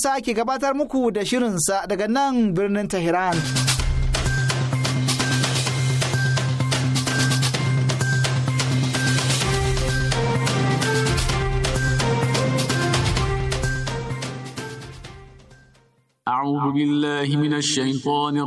kuma za ki gabatar muku da shirinsa daga nan birnin tehran. a can bugi lahi mina shimfonin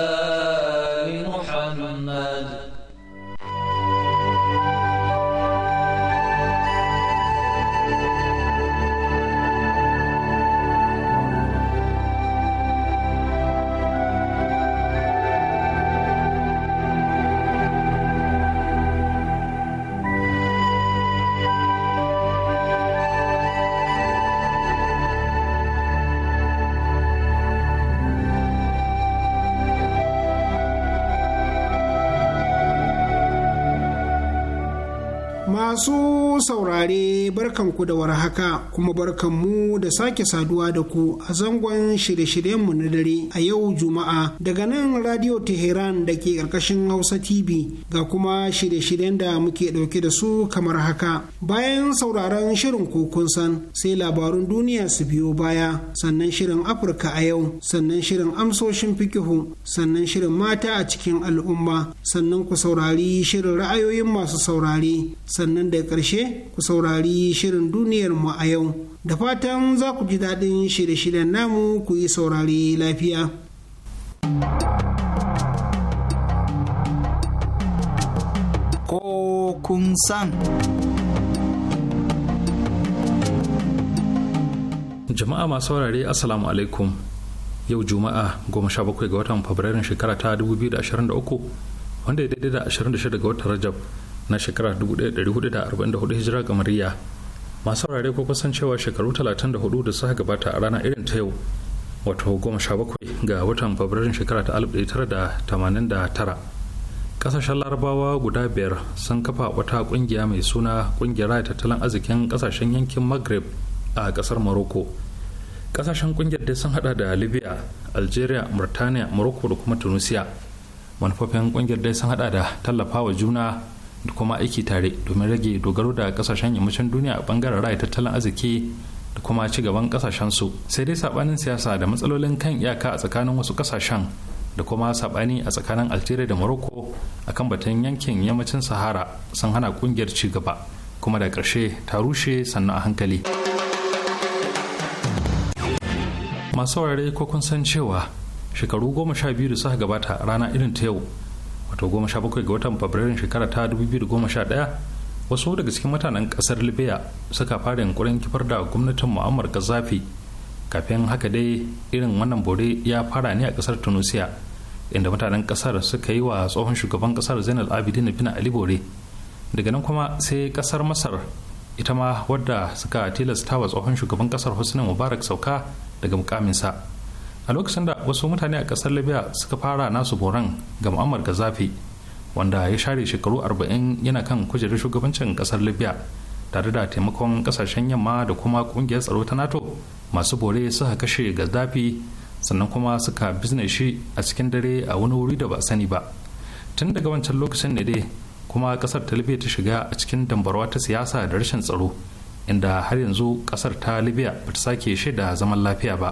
Masu saurare barkanku da warhaka kuma barkanmu da sake saduwa da ku a zangon shirye-shiryenmu na dare a yau Juma'a daga nan Radio Teheran da ke ƙarƙashin Hausa TV ga kuma shirye-shiryen da muke ɗauke da su kamar haka. Bayan sauraron shirin kokun san sai labarun duniya su biyo baya sannan shirin Afirka a yau sannan shirin amsoshin fikihu sannan shirin mata a cikin al'umma sannan ku saurari shirin ra'ayoyin masu saurare sannan nan da karshe ku saurari shirin duniyar mu a yau da fatan za ku ji daɗin shirye-shiryen namu ku yi saurari lafiya. Ko kun san. Jama'a masu saurare Assalamu alaikum. Yau Juma'a 17 ga watan Fabrairun shekara ta 2023 wanda ya daidai da 26 ga watan Rajab na shekara 1444 hijira gamariya masu rare ko kusan shekaru 34 da suka gabata a rana irin ta yau wato 17 ga watan fabrairun shekara ta 1989 kasashen larabawa guda biyar sun kafa wata kungiya mai suna kungiyar tattalin arzikin kasashen yankin maghreb a kasar morocco kasashen kungiyar dai sun hada da libya algeria murtaniya morocco da kuma tunisia manufofin kungiyar dai sun hada da tallafa wa juna da kuma aiki tare domin rage dogaro da kasashen yammacin duniya a bangaren ra'ayi tattalin arziki da kuma ci gaban su sai dai sabanin siyasa da matsalolin kan iyaka a tsakanin wasu kasashen da kuma sabani a tsakanin algeria da morocco akan batun yankin yammacin sahara sun hana kungiyar ci gaba kuma da karshe ta rushe sannan a hankali masu ko kun san cewa shekaru goma sha biyu da suka gabata rana irin ta yau wato goma sha bakwai ga watan fabrairun shekara ta biyu da goma sha ɗaya wasu daga cikin mutanen ƙasar libya suka fara yankurin kifar da gwamnatin mu'ammar gazafi kafin haka dai irin wannan bore ya fara ne a ƙasar tunisia inda mutanen ƙasar suka yi wa tsohon shugaban ƙasar zainal abidin bina ali bore daga nan kuma sai ƙasar masar ita ma wadda suka tilasta wa tsohon shugaban ƙasar husni mubarak sauka daga mukaminsa a lokacin da wasu mutane a kasar libya suka fara nasu boran ga mu'ammar zafi wanda ya share shekaru 40 yana kan kujerar shugabancin kasar libya tare da taimakon kasashen yamma da kuma ƙungiyar tsaro ta nato masu bore suka kashe zafi sannan kuma suka bizne shi a cikin dare a wani wuri da ba sani ba tun daga wancan lokacin ne dai kuma kasar ta libya ta shiga a cikin dambarwa ta siyasa da rashin tsaro inda har yanzu kasar ta libya ba ta sake shaida zaman lafiya ba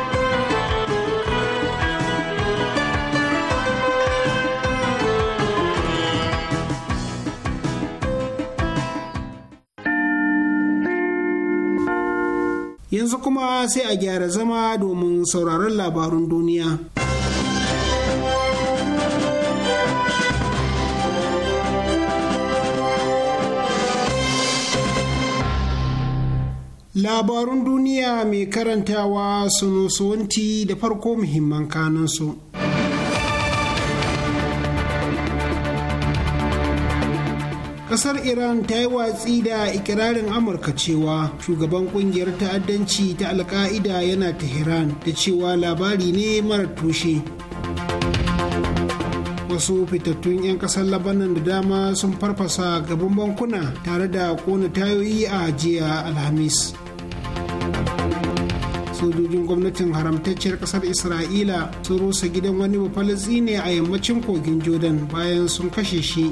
yanzu kuma sai a gyara zama domin sauraron labarun duniya. Labarun duniya mai karantawa sunusuwanti da farko muhimman kanansu kasar iran ta yi watsi da ikirarin amurka cewa shugaban kungiyar ta'addanci ta alka'ida yana ta tehran da cewa labari ne mara tushe wasu fitattun 'yan kasar labanan da dama sun farfasa gaban bankuna tare da kona tayoyi a jiya alhamis sojojin gwamnatin haramtacciyar kasar isra'ila sun rusa gidan wani ne a yammacin kogin jordan bayan sun kashe shi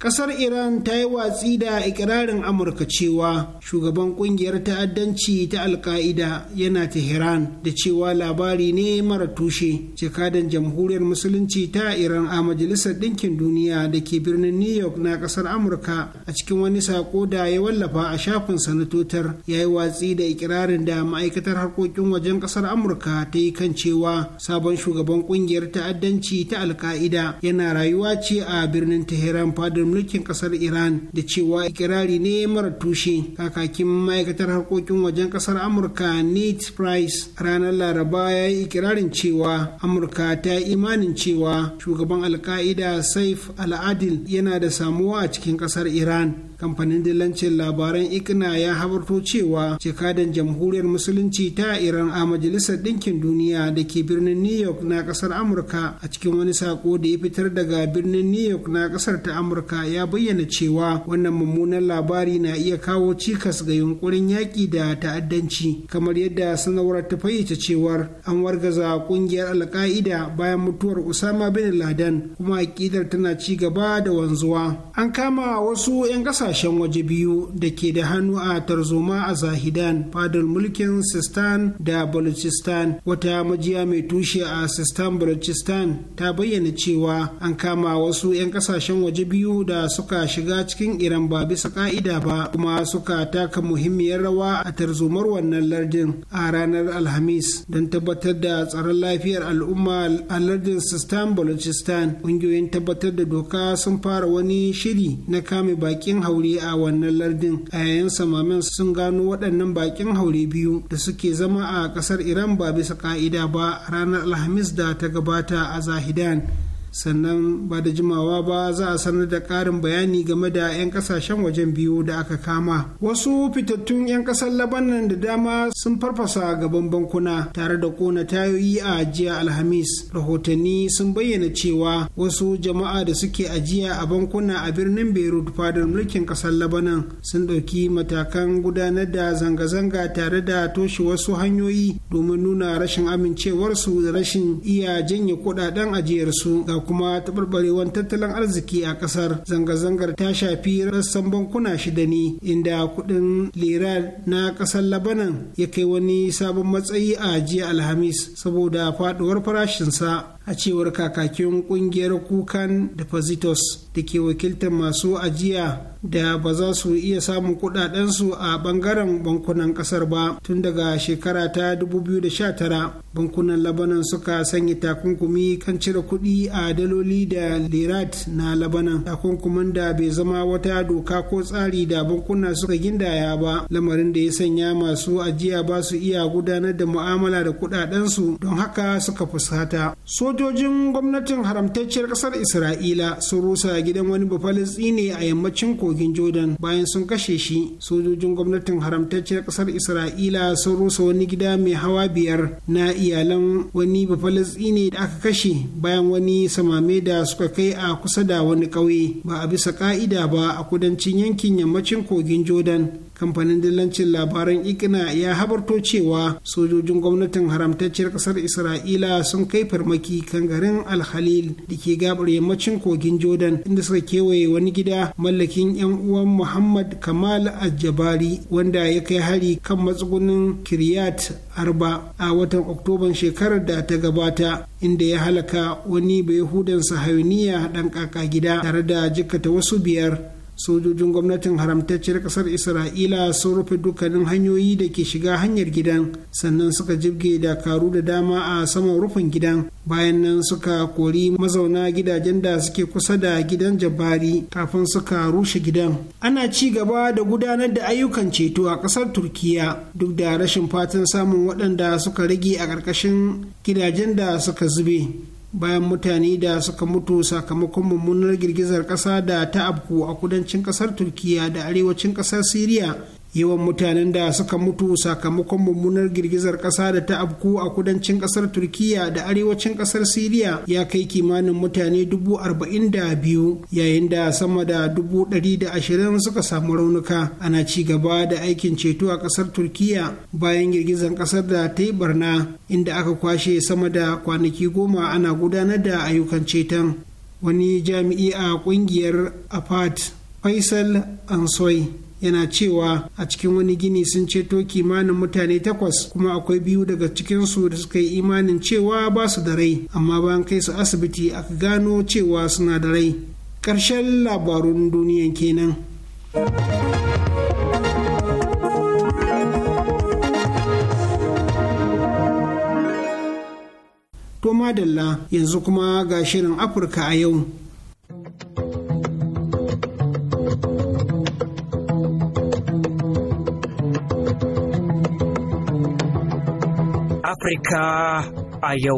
Ƙasar Iran ta yi watsi da ikirarin Amurka cewa shugaban ƙungiyar ta'addanci ta Alka'ida yana Tehran da cewa labari ne mara tushe. Jakadan Jamhuriyar Musulunci ta Iran a Majalisar Ɗinkin Duniya da ke birnin New York na ƙasar Amurka a cikin wani sako da ya wallafa a shafin sanatotar ya yi watsi da ikirarin da ma'aikatar harkokin wajen ƙasar Amurka ta yi kan cewa sabon shugaban ƙungiyar ta'addanci ta Alka'ida yana rayuwa ce a birnin Tehran fadar mulkin kasar iran da cewa ikirari ne mara tushe kakakin ma'aikatar harkokin wajen kasar amurka nate price ranar laraba ya yi ikirarin cewa amurka ta yi imanin cewa shugaban alka'ida saif al'adil yana da samuwa a cikin kasar iran kamfanin dillancin labaran ikna ya habarto cewa jakadan jamhuriyar musulunci ta iran a majalisar ɗinkin duniya da ke birnin new york na ƙasar amurka a cikin wani sako da ya fitar daga birnin new york na ƙasar ta amurka ya bayyana cewa wannan mummunan labari na iya kawo cikas ga yunkurin yaƙi da ta'addanci kamar yadda sanarwar ta fayyace cewar an wargaza ƙungiyar alka'ida bayan mutuwar usama bin laden kuma aƙidar tana ci gaba da wanzuwa an kama wasu 'yan ƙasa kasashen waje biyu da ke da hannu a tarzoma a zahidan fadar mulkin sistan da balochistan wata majiya mai tushe a sistan balochistan ta bayyana cewa an kama wasu 'yan kasashen waje biyu da suka shiga cikin iran ba bisa ka'ida ba kuma suka taka muhimmiyar rawa a tarzomar wannan lardin a ranar alhamis don tabbatar da tsaron lafiyar al'umma a lardin sistan balochistan ƙungiyoyin tabbatar da doka sun fara wani shiri na kame bakin haure haure a wannan lardin a yayin samamin sun gano waɗannan bakin haure biyu da suke zama a ƙasar iran ba bisa ka'ida ba ranar alhamis da ta gabata a zahidan sannan ba da jimawa ba za a sanar da ƙarin bayani game da 'yan kasashen wajen biyu da aka kama wasu fitattun 'yan ƙasar labanan da dama sun farfasa gaban bankuna tare da kona tayoyi a jiya alhamis rahotanni sun bayyana cewa wasu jama'a da suke ajiya a bankuna a birnin beirut fadar mulkin ƙasar labanan sun ɗauki matakan gudanar da zanga-zanga tare da toshe wasu hanyoyi domin nuna rashin amincewarsu da rashin iya janye kuɗaɗen ajiyarsu ga kuma taɓarɓarewar tattalin arziki a ƙasar zanga-zangar ta shafi rassan bankuna shida ne inda kuɗin lira na ƙasar labanan ya kai wani sabon matsayi a jiya alhamis saboda faɗuwar farashinsa a cewar kakakin kungiyar kukan depositors da ke wakiltar masu ajiya da ba za su iya samun kudadensu a bangaren bankunan kasar ba tun daga shekara ta 2019 bankunan labanan suka sanya takunkumi kan cire kuɗi a daloli da lirat na labanan takunkumin da bai zama wata doka ko tsari da bankuna suka gindaya ba lamarin da ya sanya masu ajiya ba su iya gudanar da mu'amala da kudadensu don haka suka fuskata so sojojin gwamnatin haramtacciyar kasar isra'ila sun rusa gidan wani ne a yammacin kogin jordan bayan sun kashe shi sojojin gwamnatin haramtacciyar kasar isra'ila sun rusa wani gida mai hawa biyar na iyalan wani ne da aka kashe bayan wani samame da suka kai a kusa da wani ƙauye ba a bisa ka'ida ba a kudancin yankin yammacin kogin jordan kamfanin dillancin labaran ikina ya habarto cewa sojojin gwamnatin haramtacciyar kasar isra'ila sun kai farmaki kan garin alhalil da ke gabar yammacin kogin jordan inda suka kewaye wani gida mallakin yan uwan muhammad kamal aljabari wanda ya kai hari kan matsugunin kiryat arba a watan oktoban shekarar da ta gabata inda ya halaka wani bai hudansa hauniya dan kaka gida tare da jikkata wasu biyar sojojin gwamnatin haramtacciyar kasar isra'ila sun rufe dukkanin hanyoyi da ke shiga hanyar gidan sannan suka jibge dakaru da dama a saman rufin gidan bayan nan suka kori mazauna gidajen da suke kusa da gidan jabari kafin suka rushe gidan ana ci gaba da gudanar da ayyukan ceto a kasar turkiya duk da rashin fatan samun waɗanda suka rage a ƙarƙashin gidajen da suka zube bayan mutane da suka mutu sakamakon mummunar girgizar kasa da ta abku a kudancin kasar turkiya da arewacin kasar siriya yawan mutanen da suka mutu sakamakon mummunar girgizar ƙasa da ta afku a kudancin ƙasar turkiya da arewacin ƙasar siriya ya kai kimanin mutane dubu arba'in da biyu yayin da sama da dubu ɗari da ashirin suka samu raunuka ana ci gaba da aikin ceto a ƙasar turkiya bayan girgizar ƙasar da ta yi barna inda aka kwashe sama da kwanaki goma ana gudanar da ayyukan ceton wani jami'i a ƙungiyar apart faisal ansoi yana cewa a cikin wani gini sun ceto kimanin mutane takwas kuma akwai biyu daga cikin su da suka yi imanin cewa ba su da rai amma bayan kai su asibiti aka gano cewa suna da rai ƙarshen labarun duniyan kenan. To madalla yanzu kuma ga shirin Afirka a yau. Africa. Iyo.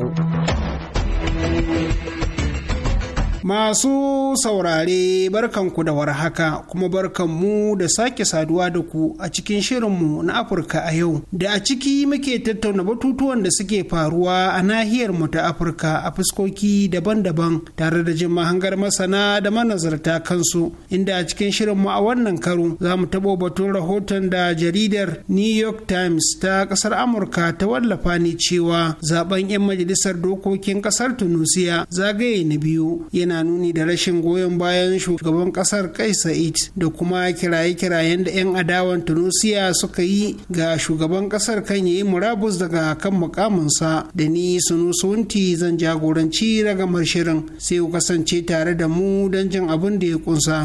Masu saurare barkanku da warhaka kuma barkanmu da sake saduwa da ku a cikin shirinmu na Afirka a yau. Da a ciki muke tattauna batutuwan da suke faruwa a nahiyar mu ta Afirka a fuskoki daban-daban tare da jin mahangar masana da manazarta kansu. Inda a cikin shirinmu a wannan karo za mu tabo batun rahoton da jaridar New York Times ta ƙasar Amurka ta wallafa ne cewa zaben 'yan majalisar dokokin ƙasar Tunusiya zagaye na biyu yana yana nuni da rashin goyon bayan shugaban kasar kai sa'id da kuma kiraye-kirayen da 'yan adawan tunisia suka yi ga shugaban kasar kan yi murabus daga kan mukaminsa da ni sunu sunti zan jagoranci ragamar shirin sai ku kasance tare da mu don jin abin da ya kunsa.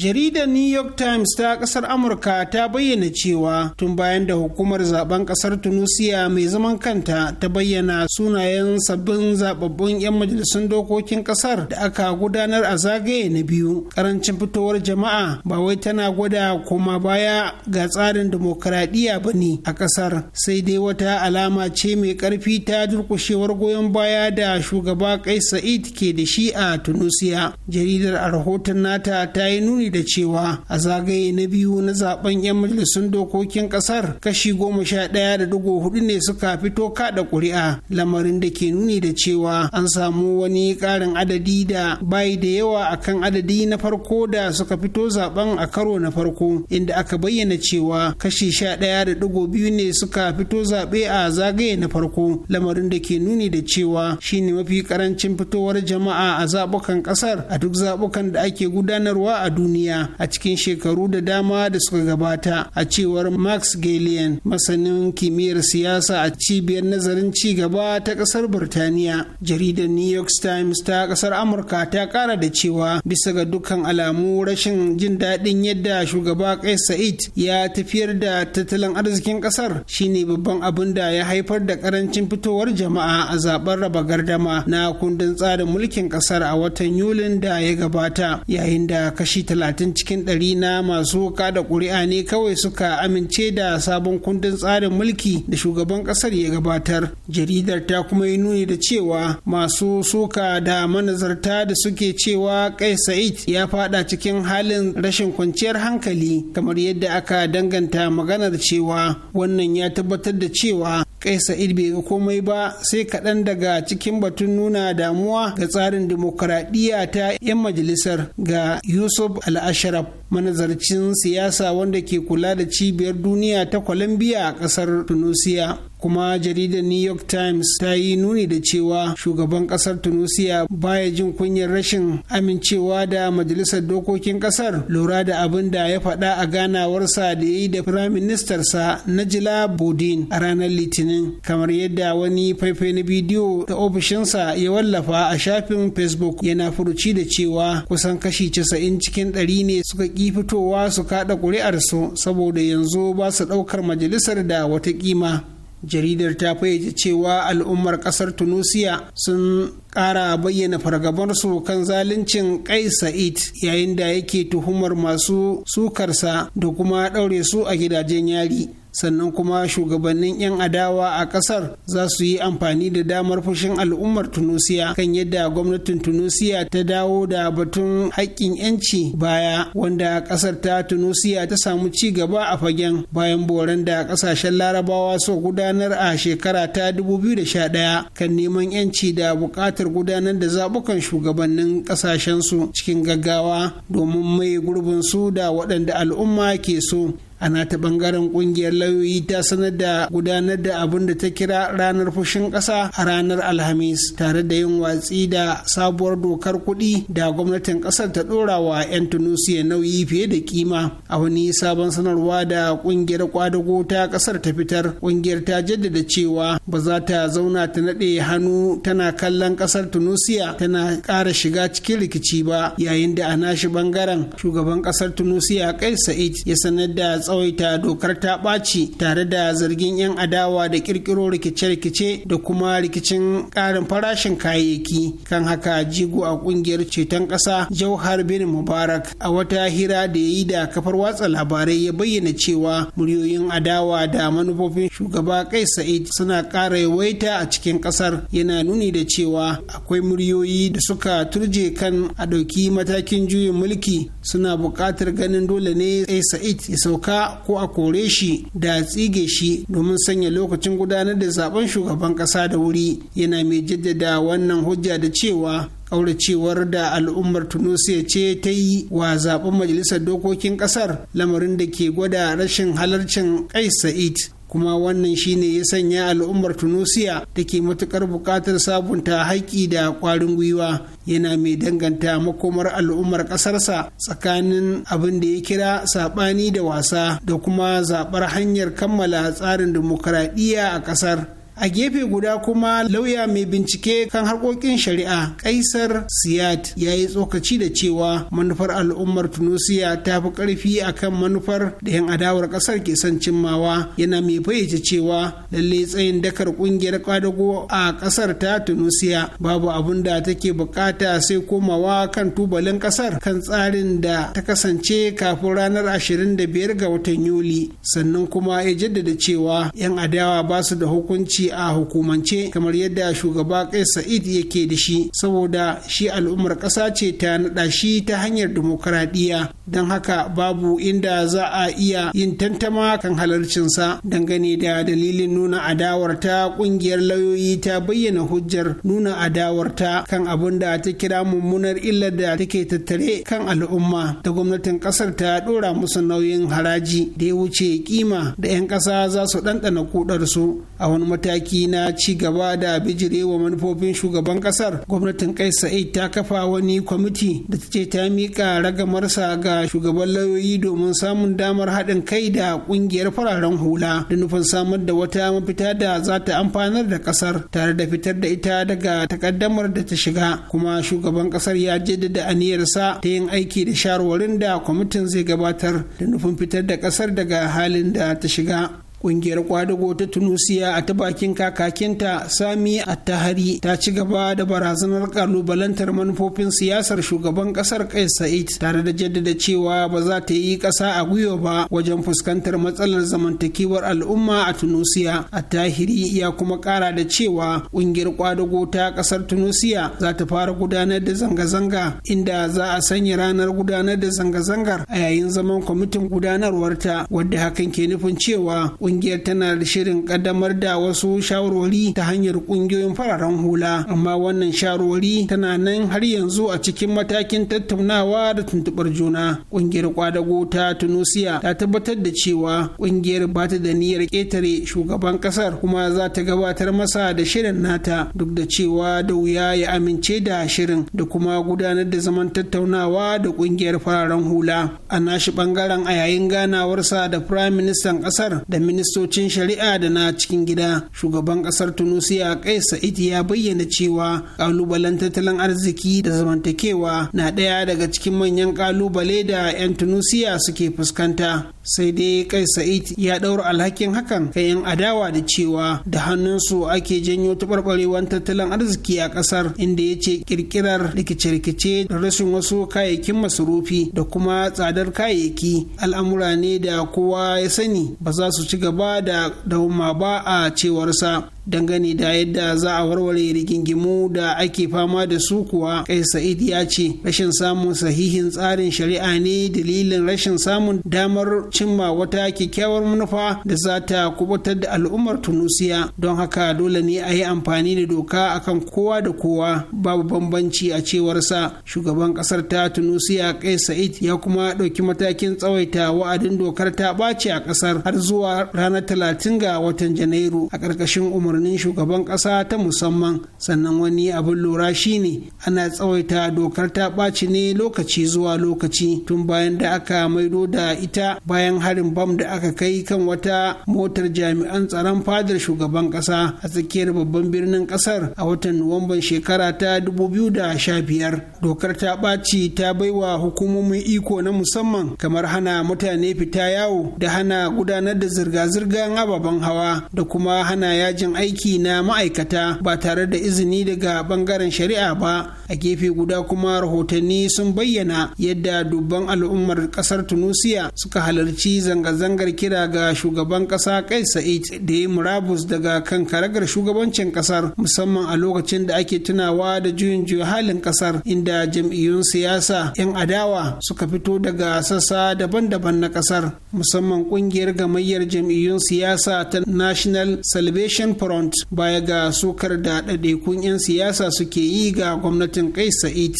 jaridar new york times ta kasar amurka ta bayyana cewa tun bayan da hukumar zaben kasar tunisia mai zaman kanta ta bayyana sunayen sabbin zababbun 'yan majalisun dokokin kasar da aka gudanar a zagaye na biyu karancin fitowar jama'a ba wai tana gwada koma baya ga tsarin dimokuraɗiyya ba ne a kasar sai dai wata alama ce mai karfi ta durkushewar goyon baya da shugaba kai sa'id ke da shi a tunisia jaridar a rahoton nata ta yi nuni da cewa a zagaye na biyu na zaben 'yan majalisun dokokin kasar kashi goma sha ɗaya da digo hudu ne suka fito kaɗa ƙuri'a lamarin da ke nuni da cewa an samu wani ƙarin adadi da bayi da yawa akan adadi na farko da suka fito zaben a karo na farko inda aka bayyana cewa kashi sha ɗaya da digo biyu ne suka fito zaɓe a zagaye na farko lamarin da ke nuni da cewa shine mafi ƙarancin fitowar jama'a a zaɓukan ƙasar a duk zaɓukan da ake gudanarwa a duniya duniya a cikin shekaru da dama da suka gabata a cewar max galian masanin kimiyyar siyasa a cibiyar nazarin ci gaba ta kasar birtaniya jaridar new york times ta kasar amurka ta kara da cewa bisa ga dukkan alamu rashin jin daɗin yadda shugaba kai sa'id ya tafiyar da tattalin arzikin kasar shine babban abin da ya haifar da karancin fitowar jama'a a zaben raba gardama na kundin tsarin mulkin kasar a watan yulin da ya gabata yayin da kashi 30 talatin cikin ɗari na masu da ƙuri'a ne kawai suka amince da sabon kundin tsarin mulki da shugaban ƙasar ya gabatar jaridar ta kuma yi nuni da cewa masu suka da manazarta da suke cewa kai sa'id ya fada cikin halin rashin kwanciyar hankali kamar yadda aka danganta maganar cewa wannan ya tabbatar da cewa kai sa'id bai ga komai ba sai kaɗan daga cikin batun nuna damuwa ga tsarin dimokuraɗiyya ta 'yan majalisar ga yusuf al-ashraf manazarcin siyasa wanda ke kula da cibiyar duniya ta colombia a ƙasar tunisia kuma jaridar new york times ta yi nuni da cewa shugaban kasar tunisia baya jin kunyar rashin amincewa da majalisar dokokin kasar lura da abin da ya faɗa a ganawarsa da ya yi da firaministarsa najila bodin a ranar litinin kamar yadda wani faifai na bidiyo da ofishinsa ya wallafa a shafin facebook yana furuci da cewa kusan kashi casa'in cikin ɗari ne suka ƙi fitowa su kaɗa ƙuri'arsu saboda yanzu ba su ɗaukar majalisar da wata kima jaridar ta fayyace cewa al'ummar kasar tunisia sun kara bayyana fargabarsu kan zaluncin kai sa'id yayin da yake tuhumar masu sukarsa da kuma ɗaure su a gidajen yari sannan kuma shugabannin 'yan adawa a kasar za su yi amfani da damar fushin al'ummar tunusiya kan yadda gwamnatin tunusiya ta dawo da batun haƙƙin 'yanci baya wanda kasar ta tunusiya ta samu ci gaba a fagen bayan boran da kasashen larabawa so gudanar a shekara ta 2011 kan neman 'yanci da buƙatar gudanar da zaɓukan shugabannin ƙasashensu cikin gaggawa domin mai gurbin su da waɗanda al'umma ke so ana ta bangaren kungiyar lauyoyi ta sanar da gudanar da abin da ta kira ranar fushin ƙasa a ranar alhamis tare da yin watsi da sabuwar dokar kuɗi da gwamnatin ƙasar ta ɗora wa 'yan tunusiya nauyi fiye da kima a wani sabon sanarwa da kungiyar kwadago ta ƙasar ta fitar kungiyar ta jaddada cewa ba za ta zauna ta naɗe hannu tana kallon ƙasar tunusiya tana ƙara shiga cikin rikici ba yayin da a nashi bangaren shugaban ƙasar tunusiya kai sa'id ya sanar da tsawaita dokar ta ɓaci tare da zargin 'yan adawa da ƙirƙiro rikice-rikice da kuma rikicin ƙarin farashin kayayyaki kan haka jigo a ƙungiyar ceton ƙasa jauhar bin mubarak a wata hira da ya yi da kafar watsa labarai ya bayyana cewa muryoyin adawa da manufofin shugaba kai sa'id suna ƙara yawaita a cikin ƙasar yana nuni da cewa akwai muryoyi da suka turje kan a ɗauki matakin juyin mulki suna buƙatar ganin dole ne sai sa'id ya sauka ko a kore shi da tsige shi domin sanya lokacin gudanar da zaben shugaban ƙasa da wuri yana mai jaddada wannan hujja da cewa auracewar da al'ummar tunisia ce ta yi wa zaben majalisar dokokin kasar lamarin da ke gwada rashin halarcin kai sa'id kuma wannan shine ya sanya al'ummar tunisia da ke matukar buƙatar sabunta haƙƙi da ƙwarin gwiwa yana mai danganta makomar al'ummar ƙasarsa tsakanin abin da ya kira saɓani da wasa da kuma zaɓar hanyar kammala tsarin dimokuraɗiyya a ƙasar a gefe guda kuma lauya mai bincike kan harkokin shari'a kaisar siyad ya yi tsokaci da cewa manufar al'ummar tunisia ta fi karfi akan manufar da 'yan adawar ƙasar ke son cimmawa yana mai fayyace cewa lalle tsayin dakar ƙungiyar kwadago a ƙasar ta tunisia babu abin da take bukata sai komawa kan tubalin ƙasar. kan tsarin da ta kasance kafin ranar ashirin da biyar ga watan yuli sannan kuma ya jaddada cewa 'yan adawa ba su da hukunci a hukumance kamar yadda shugaba kai sa'id yake da shi saboda shi al'ummar ƙasa ce ta naɗa shi ta hanyar dimokuraɗiyya don haka babu inda za a iya yin tantama kan halarcinsa dangane da dalilin nuna adawarta ta ƙungiyar lauyoyi ta bayyana hujjar nuna adawarta kan abin da ta kira mummunar illar da take tattare kan al'umma da gwamnatin ƙasar ta ɗora musu nauyin haraji da ya wuce kima da 'yan ƙasa za su ɗanɗana kudarsu a wani mataki mataki na ci gaba da wa manufofin shugaban kasar gwamnatin kai sa'id ta kafa wani kwamiti da ta ce ta miƙa ragamarsa ga shugaban lauyoyi domin samun damar haɗin kai da ƙungiyar fararen hula da nufin samar da wata mafita da za ta amfanar da kasar tare da fitar da ita daga takaddamar da ta shiga kuma shugaban kasar ya jaddada aniyarsa ta yin aiki da shawarwarin da kwamitin zai gabatar da nufin fitar da kasar daga halin da ta shiga Ƙungiyar kwadago ta Tunusiya a ta bakin kakakinta Sami Attahari ta ci gaba da barazanar kalubalantar manufofin siyasar shugaban ƙasar kai Sa'id tare da jaddada cewa ba za ta yi ƙasa a gwiwa ba wajen fuskantar matsalar zamantakewar al'umma a Tunusiya. tahiri ya kuma ƙara da cewa ƙungiyar kwadago ta ƙasar Tunusiya za ta fara gudanar da zanga-zanga inda za a sanya ranar gudanar da zanga-zangar a yayin zaman kwamitin gudanarwarta wadda hakan ke nufin cewa kungiyar tana da shirin kaddamar da wasu shawarwari ta hanyar kungiyoyin fararen hula amma wannan shawarwari tana nan har yanzu a cikin matakin tattaunawa da tuntubar juna kungiyar kwadago ta tunisia ta tabbatar da cewa kungiyar ba ta da niyyar ketare shugaban kasar kuma za ta gabatar masa da shirin nata duk da cewa da wuya ya amince da shirin da kuma gudanar da zaman tattaunawa da kungiyar fararen hula a nashi bangaren a yayin ganawarsa da firayim ministan kasar da ministan ministocin shari'a da na cikin gida shugaban kasar tunisia kai sa'id ya bayyana cewa kalubalen tattalin arziki da zamantakewa na ɗaya daga cikin manyan kalubale da 'yan tunisia suke fuskanta sai dai kai sa'id ya ɗaura alhakin hakan kan 'yan adawa da cewa da hannunsu ake janyo taɓarɓarewar tattalin arziki a ƙasar inda ya ce ƙirƙirar rikice-rikice da rashin wasu kayayyakin masarufi da kuma tsadar kayayyaki al'amura ne da kowa ya sani ba za su ci gaba gaba da dauma ba a cewarsa dangane da yadda za a warware rigingimu da ake fama da su kuwa kai sa'id ya ce rashin samun sahihin tsarin shari'a ne dalilin rashin samun damar cimma wata kyakkyawar manufa da za ta kubutar da al'ummar tunusiya don haka dole ne a yi amfani da doka akan kowa da kowa babu bambanci a cewar sa shugaban kasar ta tunusiya kai sa'id ya kuma ɗauki matakin tsawaita wa'adin dokar ta ɓace a kasar har zuwa ranar talatin ga watan janairu a ƙarƙashin umar umarnin shugaban ƙasa ta musamman sannan wani abin lura shine ana tsawaita dokar ta ɓaci ne lokaci zuwa lokaci tun bayan da aka maido da ita bayan harin bam da aka kai kan wata motar jami'an tsaron fadar shugaban ƙasa a tsakiyar babban birnin ƙasar a watan nuwamban shekara ta 2015 dokar ta ɓaci ta baiwa hukumomin iko na musamman kamar hana mutane fita yawo da hana gudanar da zirga-zirgar ababen hawa da kuma hana yajin aiki na ma'aikata ba tare da izini daga bangaren shari'a ba a gefe guda kuma rahotanni sun bayyana yadda dubban al'ummar kasar tunisia suka halarci zanga-zangar kira ga shugaban kasa kai sa'id da ya murabus daga kan karagar shugabancin kasar musamman a lokacin da ake tunawa da juyin juya halin kasar inda jam'iyyun siyasa 'yan adawa suka fito daga sassa daban-daban na kasar musamman kungiyar gamayyar jam'iyyun siyasa ta national salvation for front baya ga sukar da haɗe-ɗe-kun 'yan siyasa suke yi ga gwamnatin kai sa'id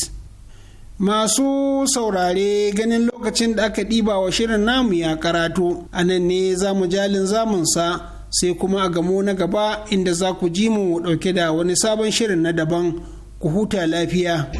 Masu saurare ganin lokacin da aka ɗiba wa shirin namu ya karatu, a nan ne za mu jalin zamunsa sai kuma a gamo na gaba inda za ku ji mu ɗauke da wani sabon shirin na daban ku huta lafiya.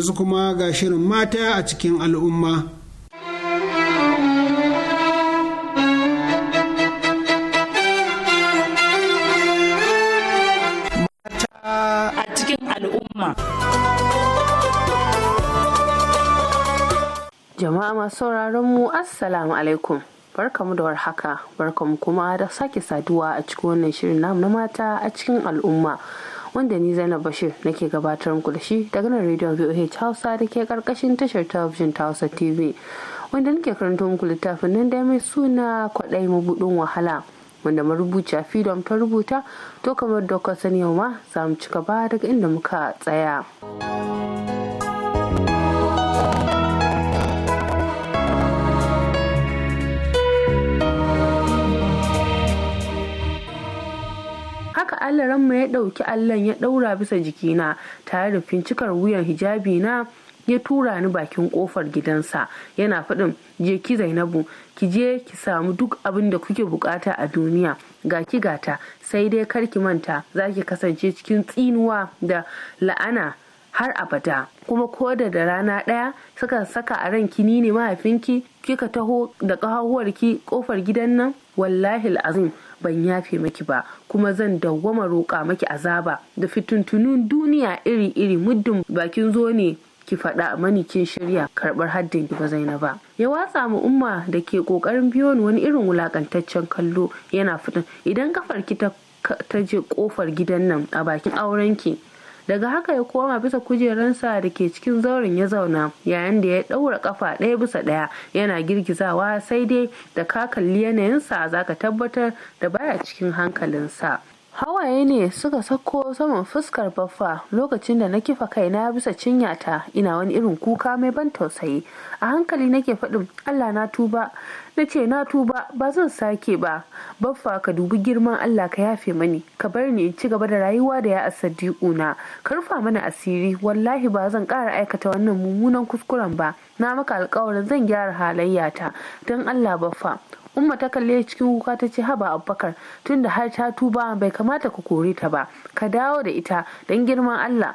yanzu kuma ga shirin mata a cikin al'umma. Jama'a masu sauraron mu Assalamu alaikum. Barkamu da warhaka, barkamu kuma da sake saduwa a cikin wannan shirin namu na mata a cikin al'umma. wanda ni Zainab Bashir nake gabatar muku da shi daga nan rediyon VOH Hausa da ke karkashin tashar talabijin ta Hausa TV. Wanda nake karanta muku littafin nan da mai suna kwaɗayi mabuɗin wahala. Wanda marubuciya Freedom ta rubuta to kamar dokar sani yau ma za mu ci gaba daga inda muka tsaya. haka ranmu ya ɗauki allon ya ɗaura bisa jikina tare da fincikar wuyan hijabi na ya tura ni bakin kofar gidansa yana faɗin je ki zainabu ki je ki samu duk abin da kuke bukata a duniya ga ki gata sai dai kar ki manta za ki kasance cikin tsinuwa da la'ana har abada kuma ko da da rana ɗaya suka saka a ran kini ne mahaifinki kika taho da ki kofar gidan nan wallahi azim ban yafe maki ba kuma zan dawwama roƙa miki azaba da fituntunun duniya iri-iri muddin bakin zo ne ki faɗa mani kin shirya karɓar haddin ki ba ba. Ya watsa mu umma da ke ƙoƙarin biyo ni wani irin wulaƙantaccen kallo yana fitan idan kafar ki ta je ƙofar gidan nan a bakin auren ki. daga haka ya koma bisa kujeransa da ke cikin zauren ya zauna yayin da ya ɗaura kafa ɗaya bisa ɗaya yana girgizawa sai dai da ka kalli za ka tabbatar da baya cikin hankalinsa hawaye ne suka sako saman fuskar baffa lokacin da na kifa kai kaina bisa cinyata ina wani irin kuka mai ban tausayi a hankali nake faɗin allah na tuba na ce na tuba ba zan sake ba baffa ka dubi girman allah ka yafe mani ka bar ni in ci gaba da rayuwa da ya asadiku na ka rufa mana asiri wallahi ba zan ƙara aikata wannan mummunan kuskuren ba na maka alkawarin zan gyara halayyata don allah baffa umma ta kalle cikin kuka ta ce haba abubakar tunda har ta tuba bai kamata ka kore ta ba ka dawo da ita don girman allah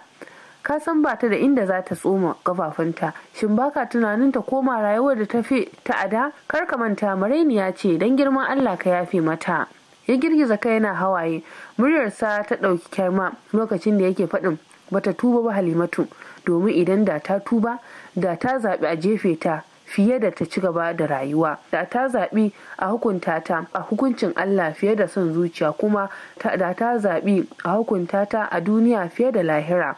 ka san ba ta da inda za ta tsoma kafafunta shin baka tunanin ta koma rayuwar da ta fi ta ada kar ka manta ya ce don girman allah ka yafe mata ya girgiza kai yana hawaye muryarsa ta ɗauki kyarma lokacin da yake faɗin bata tuba ba halimatu domin idan da ta tuba da ta zaɓi a jefe ta fiye da ta ci gaba da rayuwa da ta zaɓi a hukunta ta a hukuncin Allah fiye da son zuciya kuma da ta zaɓi a hukunta ta a duniya fiye da lahira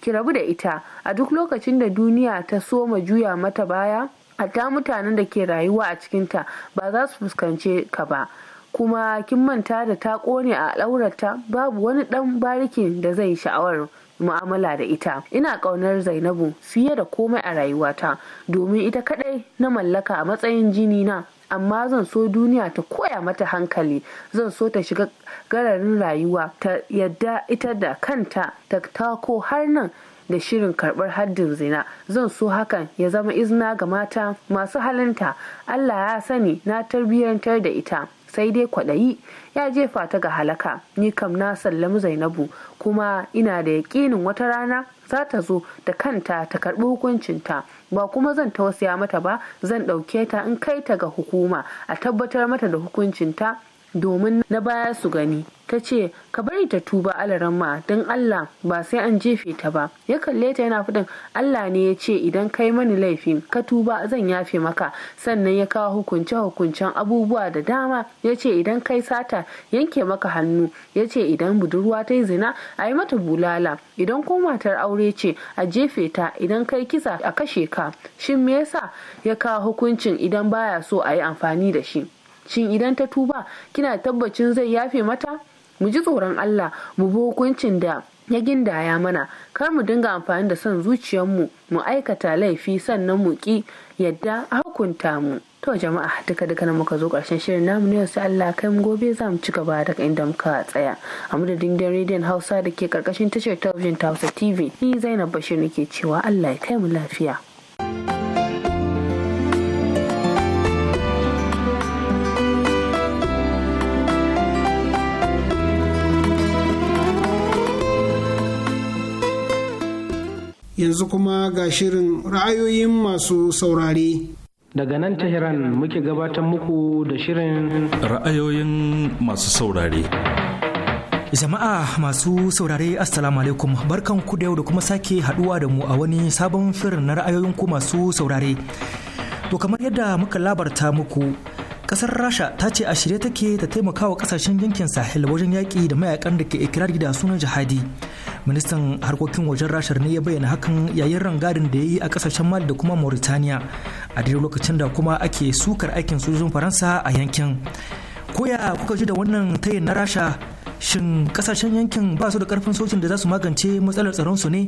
ki rabu da ita a duk lokacin da duniya ta so ma juya mata baya hatta mutanen da ke rayuwa a cikinta ba za su fuskance ka ba kuma kin manta da ta kone a al'aurarta babu wani dan barikin da zai sha'awar mu'amala da ita ina ƙaunar zainabu fiye da komai a rayuwata domin ita kadai na mallaka a matsayin jini na amma zan so duniya ta koya mata hankali zan so ta shiga gararin rayuwa ta yadda ita da kanta ta tako har nan da shirin karbar haddin zina zan so hakan ya zama izina ga mata masu halinta allah ya sani na tarbiyyantar da ita sai dai kwaɗayi ya jefa ta ga halaka ni kam na sallami zainabu kuma ina da yaƙinin wata rana za ta zo da kanta ta karɓi hukuncinta ba kuma zan tausaya mata ba zan ɗauke ta in kai ta ga hukuma a tabbatar mata da hukuncinta domin na baya su gani ta ce ka bari ta tuba alaramma don Allah ba sai an jefe ta ba ya kalle ta yana fudin Allah ne ya ce idan kai mani laifi ka tuba zan yafe maka sannan ya kawo hukunce hukuncen abubuwa da dama ya ce idan kai sata yanke maka hannu ya ce idan budurwa ta yi zina a yi mata bulala idan ko matar aure ce a jefe ta idan kai kisa a kashe ka shin me yasa ya kawo hukuncin idan baya so a yi amfani da shi shin idan ta tuba kina tabbacin zai yafe mata mu ji tsoron Allah mu bi hukuncin da ya gindaya mana kar mu dinga amfani da son zuciyarmu mu aikata laifi sannan mu ki yadda hukunta mu to jama'a duka duka na muka zo karshen shirin namu ne sai Allah kai mu gobe za mu ci gaba daga inda muka tsaya a madadin da rediyon Hausa da ke karkashin tashar talabijin ta Hausa TV ni Zainab Bashir nake cewa Allah ya kai mu lafiya yanzu kuma ga shirin ra'ayoyin masu saurare daga nan tehran muke gabatar muku da shirin ra'ayoyin masu saurare Jama'a masu saurare Assalamu alaikum barkan ku da yau da kuma sake haduwa da mu a wani sabon firin na ra'ayoyin ku masu saurare. To kamar yadda muka labarta muku kasar Rasha ta ce a shirye take ta taimakawa kasashen yankin Sahel wajen yaƙi da mayakan da ke ikirar da sunan jihadi. ministan harkokin wajen rashar ne ya bayyana hakan yayin rangadin da ya yi a kasashen mali da kuma mauritaniya a daidai lokacin da kuma ake sukar aikin sojojin faransa a yankin koya kuka ji da wannan tayin na rasha shin kasashen yankin ba su da karfin sojin da za su magance matsalar tsaron su ne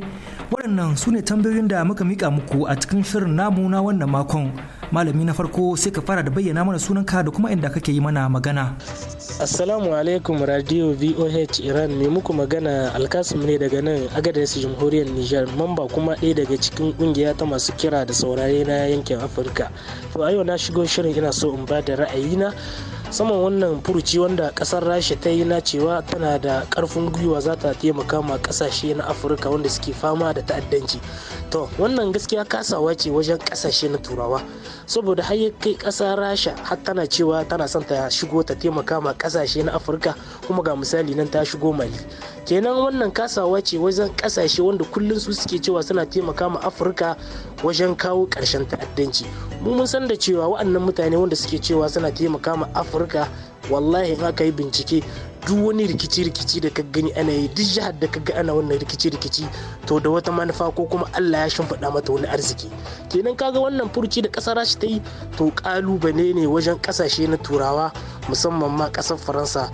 waɗannan su ne tambayoyin da muka mika muku a cikin shirin namu na wannan makon malami na farko sai ka fara da bayyana mana sunan ka da kuma inda kake yi mana magana assalamu alaikum radio voh iran mai muku magana alkasim ne daga nan agadez jamhuriyar niger mamba kuma ɗaya daga cikin ƙungiya ta masu kira da saurare na yankin afirka to a yau na shigo shirin ina so in ba da ra'ayina saman wannan furuci wanda kasar rasha ta yi na cewa tana da karfin gwiwa za ta taimaka ma kasashe na afirka wanda suke fama da ta'addanci to wannan gaskiya kasawa ce wajen kasashe na turawa saboda har kai kasar rasha har tana cewa tana son ta shigo ta taimaka ma kasashe na afirka kuma ga misali nan ta shigo mali kenan wannan kasawa ce wajen kasashe wanda kullum su suke cewa suna taimaka ma afirka wajen kawo ƙarshen ta'addanci mu mun san da cewa wa'annan mutane wanda suke cewa suna taimaka ma afirka wallahi in aka yi bincike duk wani rikici-rikici da ka gani ana yi duk jihar da ka ga ana wannan rikici-rikici to da wata manufa ko kuma Allah ya shimfiɗa mata wani arziki kenan kaga wannan furci da ƙasar rashi ta yi to ƙalubale ne wajen kasashe na turawa musamman ma ƙasar faransa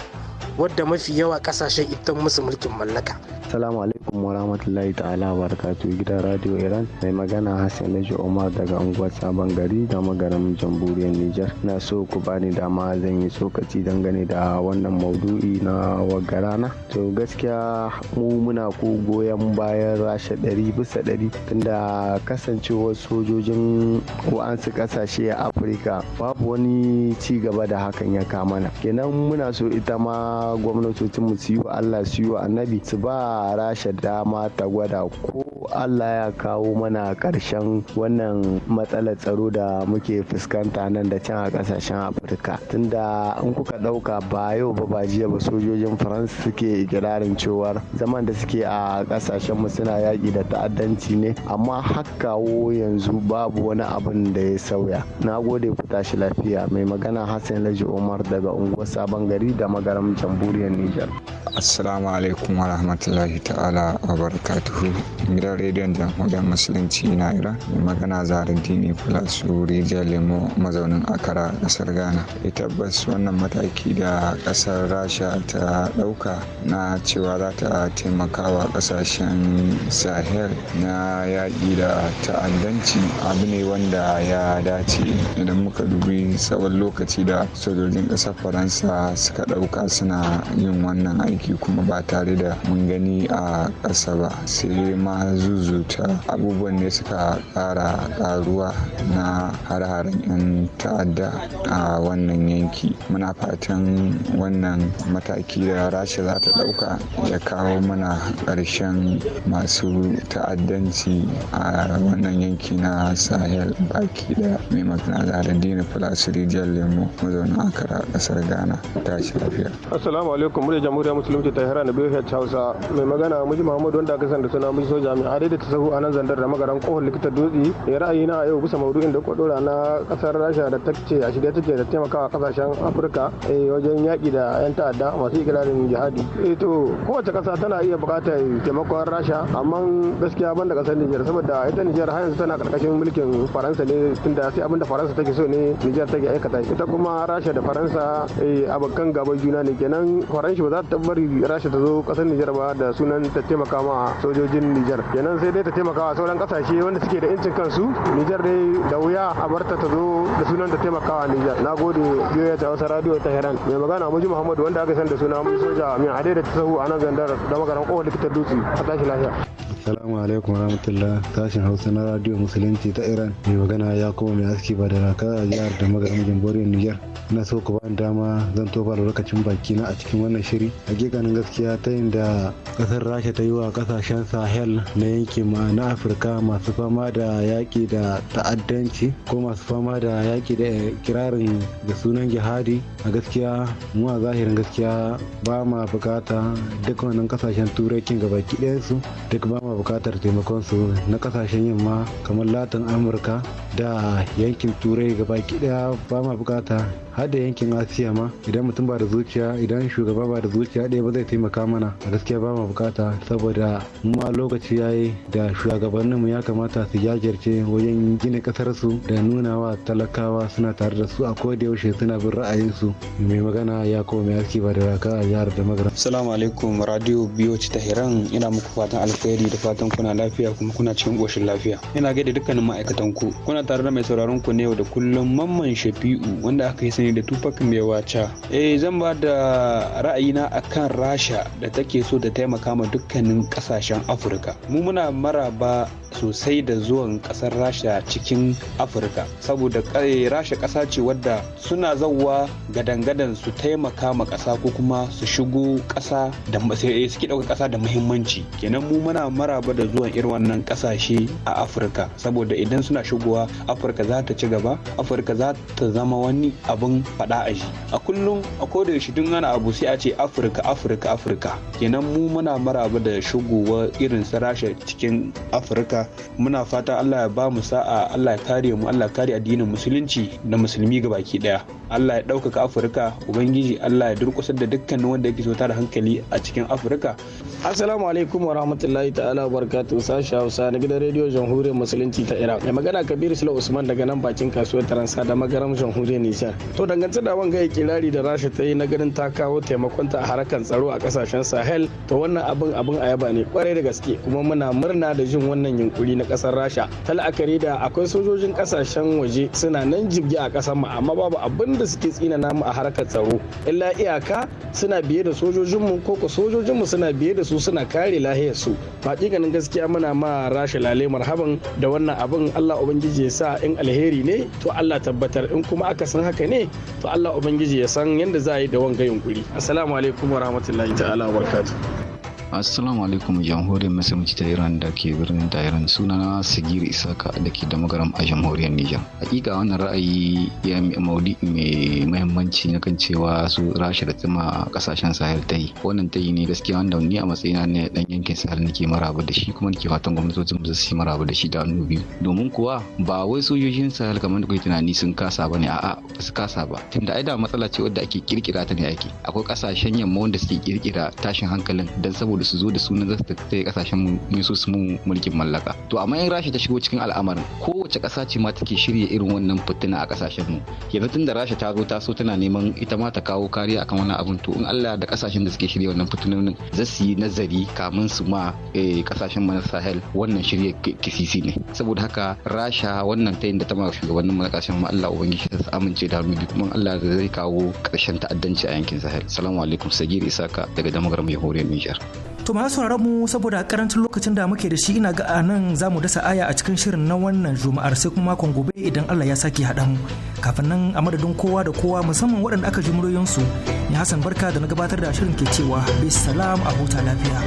wadda mafi yawa kasashen ita musu mulkin mallaka salamu alaikum wa rahmatullahi ta'ala wa barakatuhu gidan radio iran mai magana hassan Naji omar daga unguwar sabon gari da magarin jamhuriyar nijar na so ku bani dama zan yi tsokaci dangane da wannan maudu'i na wagarana to gaskiya mu muna ko goyon bayan rasha ɗari bisa ɗari tunda kasancewar sojojin wa'ansu kasashe a afirka babu wani ci gaba da hakan ya kamana kenan muna so ita ma gwamnatocinmu su yi wa Allah su yi wa annabi su ba rasha dama ta gwada ko Allah ya kawo mana ƙarshen wannan matsalar tsaro da muke fuskanta nan da can a ƙasashen Afirka. Tunda in kuka ɗauka ba yau ba ba jiya ba sojojin France suke ikirarin cewa zaman da suke a ƙasashen mu suna yaƙi da ta'addanci ne amma har kawo yanzu babu wani abin da ya sauya. Na gode ku tashi lafiya mai magana Hassan Laji Umar daga unguwar Sabon Gari da magaram jamhuriyar Nijar. assalamu alaikum wa rahmatullahi ta'ala wa barakatuhu gidan rediyon jamhuriyar musulunci na iran magana zarin dini su rijiyar lemo mazaunin akara kasar ghana ya eh, tabbas wannan mataki da ƙasar rasha ta ɗauka na cewa za ta taimaka wa kasashen sahel na yaƙi da ta'addanci abu ne wanda ya dace idan muka dubi tsawon lokaci da sojojin ƙasar faransa suka ɗauka suna yin wannan aiki aiki kuma ba tare da mun gani a ƙasa ba sai ma zuzuta abubuwan ne suka ƙara ƙaruwa na har-haren 'yan ta'adda a wannan yanki muna fatan wannan mataki da rasha za ta ɗauka ya kawo mana ƙarshen masu ta'addanci a wannan yanki na sahel baki da mai magana da dina falasiri rijiyar lemo mazaunin akara ƙasar ghana ta shi lafiya assalamu alaikum muryar jamhuriyar musulunci ta hira na biyu hausa mai magana muji muhammad wanda aka da suna muji soja mai adai da ta sahu a nan zandar da magaran kohon likita dutse ya ra'ayi na a yau bisa maudu'in da kwado na kasar rasha da ta ce a shirye take da taimakawa kasashen afirka eh, wajen yaƙi da yan ta'adda masu ikirarin jihadi eh to kowace kasa tana iya buƙatar taimakon rasha amma gaskiya banda kasar nijar saboda ita nijar har yanzu tana karkashin mulkin faransa ne tunda sai abinda faransa take so ne nijar take aikata ita kuma rasha da faransa eh, abokan gaban juna ne kenan faransa ba za ta bari rasha ta zo kasar nijar ba da sunan ta taimaka ma sojojin nijar kenan sai dai ta taimaka wa sauran kasashe wanda suke da incin kansu nijar dai da wuya a barta ta zo da sunan ta taimaka wa nijar na gode biyoya ta wasa radio ta heran mai magana muji muhammadu wanda aka san da suna mun soja mai adai da ta sahu a nan zandar da magaran kowa likitar dutse a tashi lafiya Assalamu alaikum warahmatullah tashin Hausa na Radio Musulunci ta Iran mai magana ya kuma mai aski ba da raka a jihar da magarin jamhuriyar Niger. Ina so ku ba dama zan tofa lokacin baki na a cikin wannan shiri a hakikanin gaskiya ta yadda ƙasar rasha ta yi wa kasashen sahel na yanki ma na afirka masu fama da yaƙi da ta'addanci ko masu fama da yaƙi da kirarin da sunan jihadi a gaskiya mu a zahirin gaskiya ba ma bukata duk wannan kasashen turai kin gaba su duk ba ma bukatar taimakon su na kasashen yamma kamar latin amurka da yankin turai gaba ɗaya ba ma bukata har da yankin asiya ma idan mutum ba da zuciya idan shugaba ba da zuciya ɗaya ba zai taimaka mana a gaskiya ba mu bukata saboda mu ma lokaci yayi da shugabannin mu ya kamata su jajirce wajen gina kasar su da nuna wa talakawa suna tare da su a koda yaushe suna bin ra'ayin su mai magana ya kuma mai aski ba da raka a jihar da magana salamu alaikum radio ta hiran ina muku fatan alkhairi da fatan kuna lafiya kuma kuna cikin koshin lafiya ina gaida dukkanin ma'aikatan ku kuna tare da mai sauraron ku ne yau da kullum mamman shafi'u wanda aka yi ne da tupac mai wacha eh zan ba da ra'ayina a kan rasha da take so da taimaka ma dukkanin kasashen afirka mu muna maraba sosai da zuwan kasar rasha cikin afirka saboda eh, rasha kasa ce wadda suna zauwa gadangadan su taimaka ma kasa ko kuma su shigo kasa da eh, suke ɗauka kasa da muhimmanci kenan mu muna maraba da zuwan irin wannan kasashe a afirka saboda idan suna shigowa afirka za ta ci gaba afirka za ta zama wani abin faɗa a ji a kullum a koda yaushe duk ana abu sai a ce afirka afirka afirka kenan mu muna maraba da shigowa irin sarasha cikin afirka muna fata allah ya ba mu sa'a allah ya kare mu allah ya kare addinin musulunci da musulmi gabaki ɗaya. Allah ya ɗaukaka Afirka Ubangiji Allah ya durƙusar da dukkanin wanda yake sauta da hankali a cikin Afirka. Assalamu alaikum wa rahmatullahi ta'ala wa barakatuhu sashi Hausa na gidan rediyo Jamhuriyar Musulunci ta Iran. ya magana kabiru Sula Usman daga nan bakin kasuwar Taransa da magaram Jamhuriyar Nijar. To dangantar da wanga ya kirari da Rasha ta yi na ganin ta kawo taimakon ta a harkar tsaro a kasashen Sahel to wannan abin abin ayaba ne kwarai da gaske kuma muna murna da jin wannan yunkuri na kasar Rasha. Tal'akari da akwai sojojin kasashen waje suna nan jibgi a kasar mu amma babu abin wanda suke tsina namu a harkar tsaro illa iyaka suna biye da sojojinmu ko ko sojojinmu suna biye da su suna kare lahiyar su hakikanin gaskiya muna ma rashin lale marhaban da wannan abin Allah ubangiji ya sa in alheri ne to Allah tabbatar in kuma aka san haka ne to Allah ubangiji ya san yadda za a yi da wanga yunkuri assalamu alaikum warahmatullahi ta'ala wabarakatuh assalamu alaikum jamhuriyar musulunci ta iran da ke birnin tairan sunana sigir isaka da ke da magaram a jamhuriyar nijar hakika wannan ra'ayi ya maudi mai mahimmanci na kan cewa su rasha da tsima kasashen sahel ta yi wannan ta yi ne gaskiya wanda ni a matsayina ne dan yankin sahel nake maraba da shi kuma nake fatan gwamnatocin su yi maraba da shi da hannu biyu domin kuwa ba wai sojojin sahel kamar da kuke tunani sun kasa ba ne a'a ba su kasa ba tunda ai da matsala ce wadda ake kirkira ta ne ake akwai kasashen yamma wanda suke kirkira tashin hankalin dan saboda saboda su zo da sunan za su tattaye kasashen mu su mu mulkin mallaka to amma in rasha ta shigo cikin al'amarin kowace kasa ce ma take shirya irin wannan fitina a kasashen mu yanzu tun da rasha ta zo ta so tana neman ita ma ta kawo kariya akan wannan abin to in Allah da kasashen da suke shirya wannan fitinonin za su yi nazari kamun su ma eh, kasashen mu na Sahel wannan shirya kisisi ne saboda haka rasha wannan ta da ta ma shugabannin mu na kasashen mu Allah ubangiji ta amince da mu kuma Allah da zai kawo karshen ta'addanci a yankin Sahel Salamu alaikum sagir isaka daga damar jamhuriyar Nijar To masu sauraron mu saboda karancin lokacin da muke da shi ina ga anan za mu dasa aya a cikin shirin na wannan juma'ar sai kuma makon gobe idan Allah ya sake haɗa mu. Kafin nan a madadin kowa da kowa musamman waɗanda aka ji muryoyinsu ni Hassan Barka da na gabatar da shirin ke cewa salam a huta lafiya.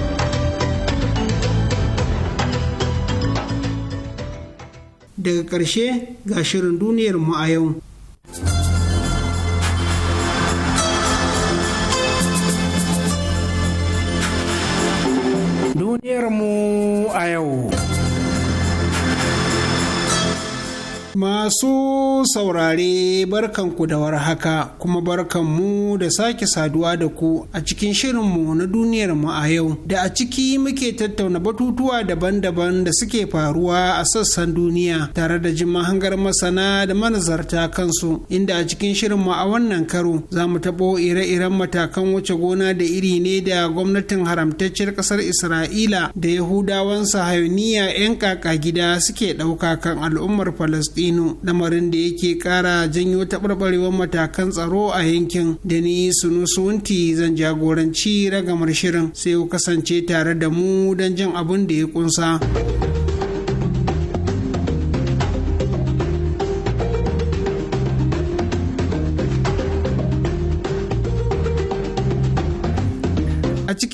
Daga karshe ga shirin duniyar mu a yau. duniyarmu a yau. Masu saurare barkan ku da warhaka kuma barkan mu da sake saduwa da ku a cikin shirinmu na duniyar mu a yau da a ciki muke tattauna batutuwa daban-daban da suke faruwa a sassan duniya tare da jin mahangar masana da manazarta kansu inda a cikin shirinmu a wannan karo za mu taɓo ire-iren matakan wuce gona da iri ne da gwamnatin haramtacciyar ƙasar Isra'ila da Yahudawan Sahayuniya 'yan kaka gida suke ɗauka kan al'ummar Falasɗin. kano lamarin da yake kara janyo taɓarɓarewar matakan tsaro a yankin da ni sunusunti zan jagoranci ragamar shirin sai ku kasance tare da mu don jin abin da ya ƙunsa.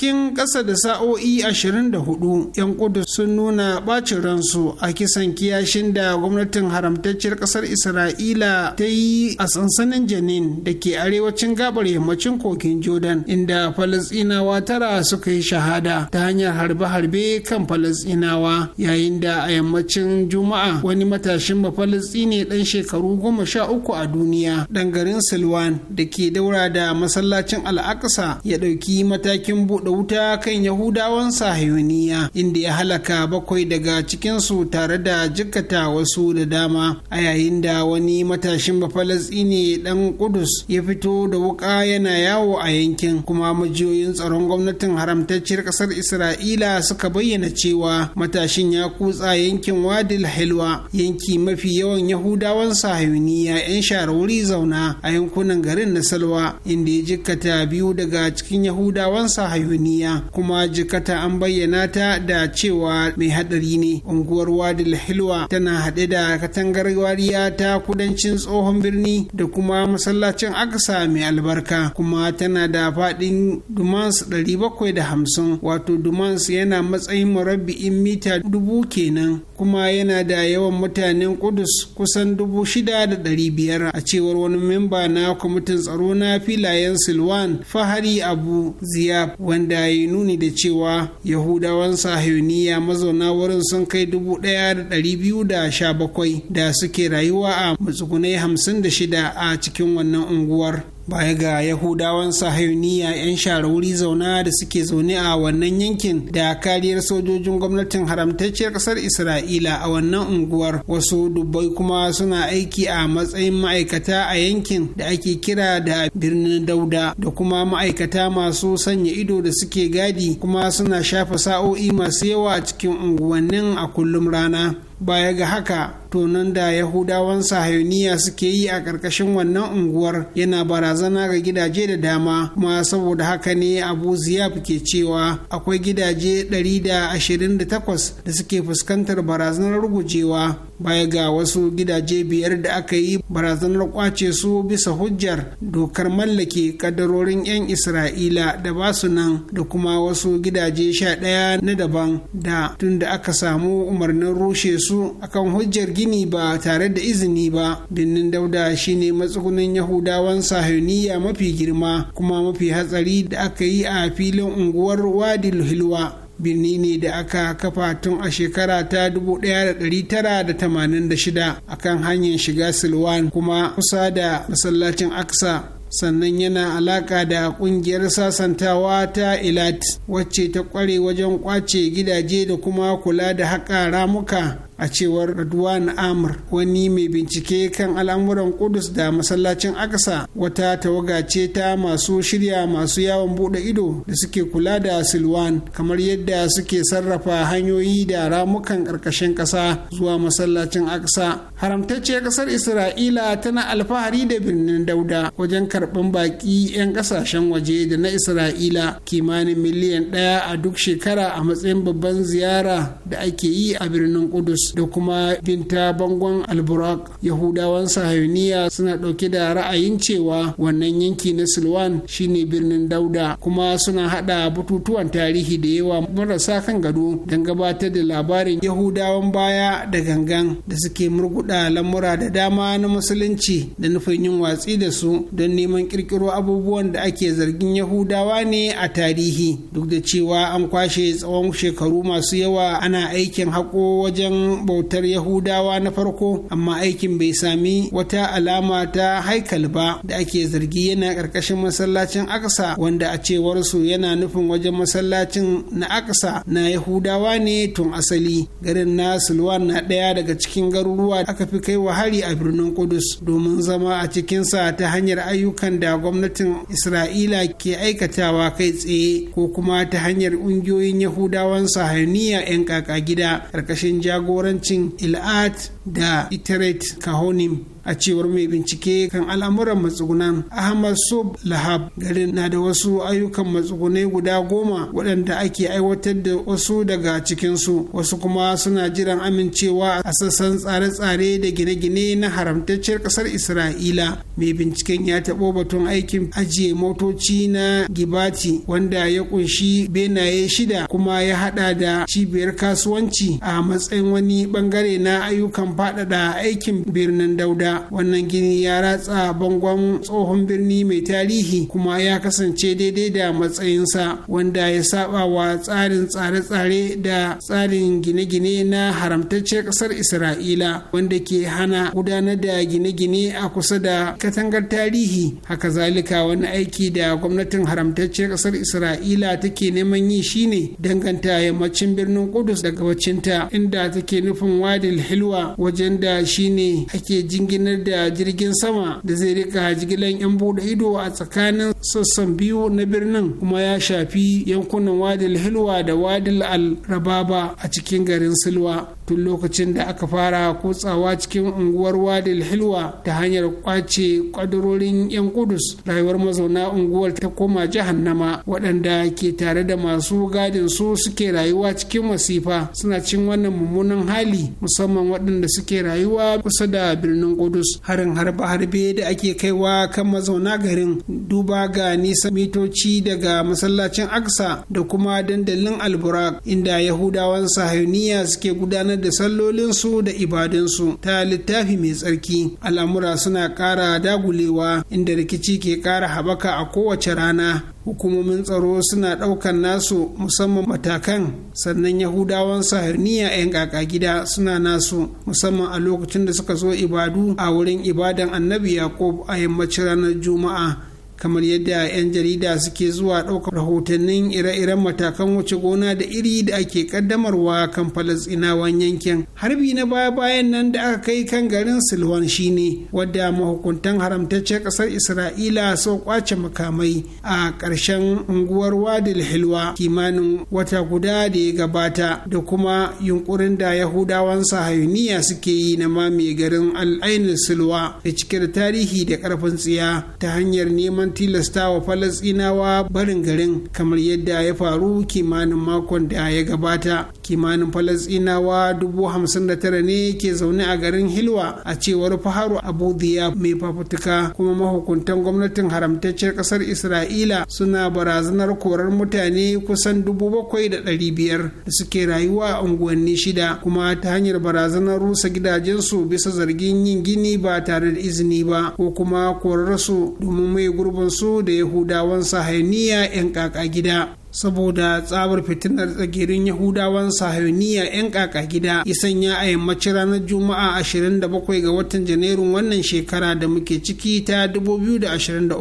cikin ƙasa da sa'o'i 24 'yan kudu sun nuna ɓacin ransu a kisan kiyashin da gwamnatin haramtacciyar ƙasar isra'ila ta yi a sansanin janin da ke arewacin gabar yammacin kogin jordan inda falasɗinawa tara suka yi shahada ta hanyar harbe-harbe kan falasɗinawa yayin da a yammacin juma'a wani matashin ne ɗan shekaru goma sha uku a duniya ɗan garin silwan da ke daura da masallacin al'aksa ya ɗauki matakin buɗe wuta kan yahudawan sahiyoniya inda ya halaka bakwai daga cikinsu tare da jikkata wasu da dama a yayin da wani matashin bafalasɗini dan kudus ya fito da wuka yana yawo a yankin kuma majiyoyin tsaron gwamnatin haramtacciyar ƙasar isra'ila suka bayyana cewa matashin ya kutsa yankin wadil helwa yanki mafi yawan yahudawan sahiyoniya 'yan share wuri zauna a yankunan garin na salwa inda ya jikkata biyu daga cikin yahudawan sahiyoniya niyya kuma jikata an bayyana ta da cewa mai hadari ne unguwar wadil hilwa tana haɗe da katangar wariya ta kudancin tsohon birni da kuma masallacin aksa mai albarka kuma tana da faɗin dumans 750 wato dumans yana matsayin murabbi'in mita dubu kenan kuma yana da yawan mutanen kudus kusan dubu shida da ɗari biyar a cewar wani memba na kwamitin tsaro na filayen silwan fahari abu ziyab wanda da ya nuni da cewa yahudawan sahiyoniya mazauna wurin sun kai dubu ɗaya da biyu da sha bakwai da suke rayuwa a matsugunai hamsin da shida a cikin wannan unguwar baya ga yahudawan sahayuniya 'yan shara wuri zauna da suke zaune a wannan yankin da kariyar sojojin gwamnatin haramtacciyar ƙasar isra'ila a wannan unguwar wasu dubbai kuma suna aiki a matsayin ma'aikata a yankin da ake kira da birnin dauda da kuma ma'aikata masu sanya ido da suke gadi kuma suna shafa sa'o'i masu yawa cikin unguwannin a kullum rana baya ga haka tonon da yahudawan sahayuniya suke yi a ƙarƙashin wannan unguwar yana barazana ga gidaje da dama kuma saboda haka ne abu ziyab ke cewa akwai gidaje 128 da suke fuskantar barazanar rugujewa baya ga wasu gidaje biyar da aka yi barazanar kwace su bisa hujjar dokar mallake kadarorin 'yan isra'ila da ba su nan da kuma wasu gidaje sha ɗaya na daban da tun da aka samu umarnin rushe su su akan hujjar gini ba tare da izini ba birnin dauda shine matsugunan yahudawan sahiniya mafi girma kuma mafi hatsari da aka yi a filin unguwar wadil hilwa birni ne da aka kafa tun a shekara ta 1986 akan hanyar shiga silwan kuma kusa da masallacin aksa sannan yana alaka da kungiyar sasantawa ta ilat wacce ta kware wajen kwace gidaje da kuma kula da haƙa ramuka a cewar Radwan Amr wani mai bincike kan al'amuran Kudus da masallacin Aksa wata tawaga ce ta masu shirya masu yawon bude ido da suke kula da Silwan kamar yadda suke sarrafa hanyoyi da ramukan ƙarƙashin ƙasa zuwa masallacin Aksa haramtacce ƙasar Isra'ila tana alfahari da birnin Dauda wajen karɓan baƙi 'yan ƙasashen waje da na Isra'ila kimanin miliyan ɗaya a duk shekara a matsayin babban ziyara da ake yi a birnin Kudus da kuma binta bangon alburak yahudawan sahayuniya suna ɗauke da ra'ayin cewa wannan yanki na silwan shine birnin dauda kuma suna haɗa bututuwan tarihi da yawa marasa kan gado don gabatar da labarin yahudawan baya da gangan da suke murguɗa lamura da dama na musulunci da nufin yin watsi da su don neman ƙirƙiro abubuwan da ake zargin yahudawa ne a tarihi duk da cewa an kwashe tsawon shekaru masu yawa ana aikin haƙo wajen bautar yahudawa na farko amma aikin bai sami wata alama ta haikal ba da ake zargi yana ƙarƙashin masallacin aksa wanda a cewarsu yana nufin wajen masallacin na aksa na yahudawa ne tun asali garin na silwan na ɗaya daga cikin garuruwa da aka fi kai wa hari a birnin kudus domin zama a cikinsa ta hanyar ayyukan da gwamnatin isra'ila ke aikatawa kai tsaye ko kuma ta hanyar ƙungiyoyin yahudawan sahaniya 'yan kaka gida ƙarƙashin jagorar jagorancin il'ad da iterate kahonim a cewar mai bincike kan al'amuran matsugunan ahmad sub lahab garin na da wasu ayyukan matsugunai guda goma waɗanda ake aiwatar da wasu daga cikinsu wasu kuma suna jiran amincewa a sassan tsare-tsare da gine-gine na haramtacciyar ƙasar isra'ila mai binciken ya taɓo batun aikin ajiye motoci na gibati wanda ya kunshi benaye shida kuma ya haɗa da cibiyar kasuwanci a matsayin wani bangare na ayyukan faɗaɗa aikin birnin dauda wannan gini ya ratsa bangon tsohon birni mai tarihi kuma ya kasance daidai da matsayinsa wanda ya saba wa tsarin tsare-tsare da tsarin gine-gine na haramtacciyar ƙasar isra'ila wanda ke hana gudanar da gine-gine a kusa da katangar tarihi haka zalika wani aiki da gwamnatin haramtacciyar ƙasar isra'ila take neman yi shine danganta yammacin birnin kudus daga gabacinta inda take nufin wadil hilwa wajen da shi shine ake jinginar da jirgin sama da zai rika jigilan 'yan bude ido a tsakanin sassan biyu na birnin kuma ya shafi yankunan wadil hilwa da wadil al-rababa a cikin garin silwa tun lokacin da aka fara kutsawa cikin unguwar wadil hilwa ta hanyar kwace kwadurorin 'yan kudus rayuwar mazauna unguwar ta koma jahannama waɗanda ke tare da masu gadin su suke rayuwa cikin masifa suna cin wannan mummunan hali musamman waɗanda suke rayuwa kusa da birnin Kudus harin harbe-harbe da ake kaiwa kan mazauna garin duba ga nisan mitoci daga masallacin Aksa da kuma dandalin Alburak inda Yahudawan Sahayuniya suke gudanar da sallolinsu da ibadunsu ta littafi mai tsarki al'amura suna ƙara dagulewa inda rikici ke ƙara haɓaka a kowace rana hukumomin tsaro suna ɗaukan nasu musamman matakan sannan yahudawan sahirniya 'yan kaka gida suna nasu musamman a lokacin da suka zo ibadu a wurin ibadan annabi yakub a yammacin ranar juma'a kamar yadda 'yan jarida suke zuwa ɗaukar rahotannin ire-iren matakan wuce gona da iri da ake kaddamarwa kan falasɗinawan yankin harbi na baya-bayan nan da aka kai kan garin silwan shine wadda mahukuntan haramtaccen ƙasar isra'ila sau kwace makamai a ƙarshen unguwar wadil hilwa kimanin wata guda da ya gabata da kuma yunkurin da yahudawan sahayuniya suke yi na mamaye garin al'ainul silwa da da tarihi da ƙarfin tsiya ta hanyar neman neman wa falasɗinawa barin garin kamar yadda ya faru kimanin makon da ya gabata kimanin falasɗinawa dubu hamsin da tara ne ke zaune a garin hilwa a cewar faharu abu diya mai fafutuka kuma mahukuntan gwamnatin haramtaccen ƙasar isra'ila suna barazanar korar mutane kusan dubu bakwai da ɗari biyar da suke rayuwa a unguwanni shida kuma ta hanyar barazanar rusa gidajensu bisa zargin yin gini ba tare da izini ba ko kuma korar su domin mai gurbin su da yahudawan sahaniya 'yan kaka gida saboda tsabar fitinar tsagirin yahudawan sahayoniya 'yan kaka gida ya sanya a yammacin ranar juma'a 27 ga watan janairun wannan shekara da muke ciki ta 2023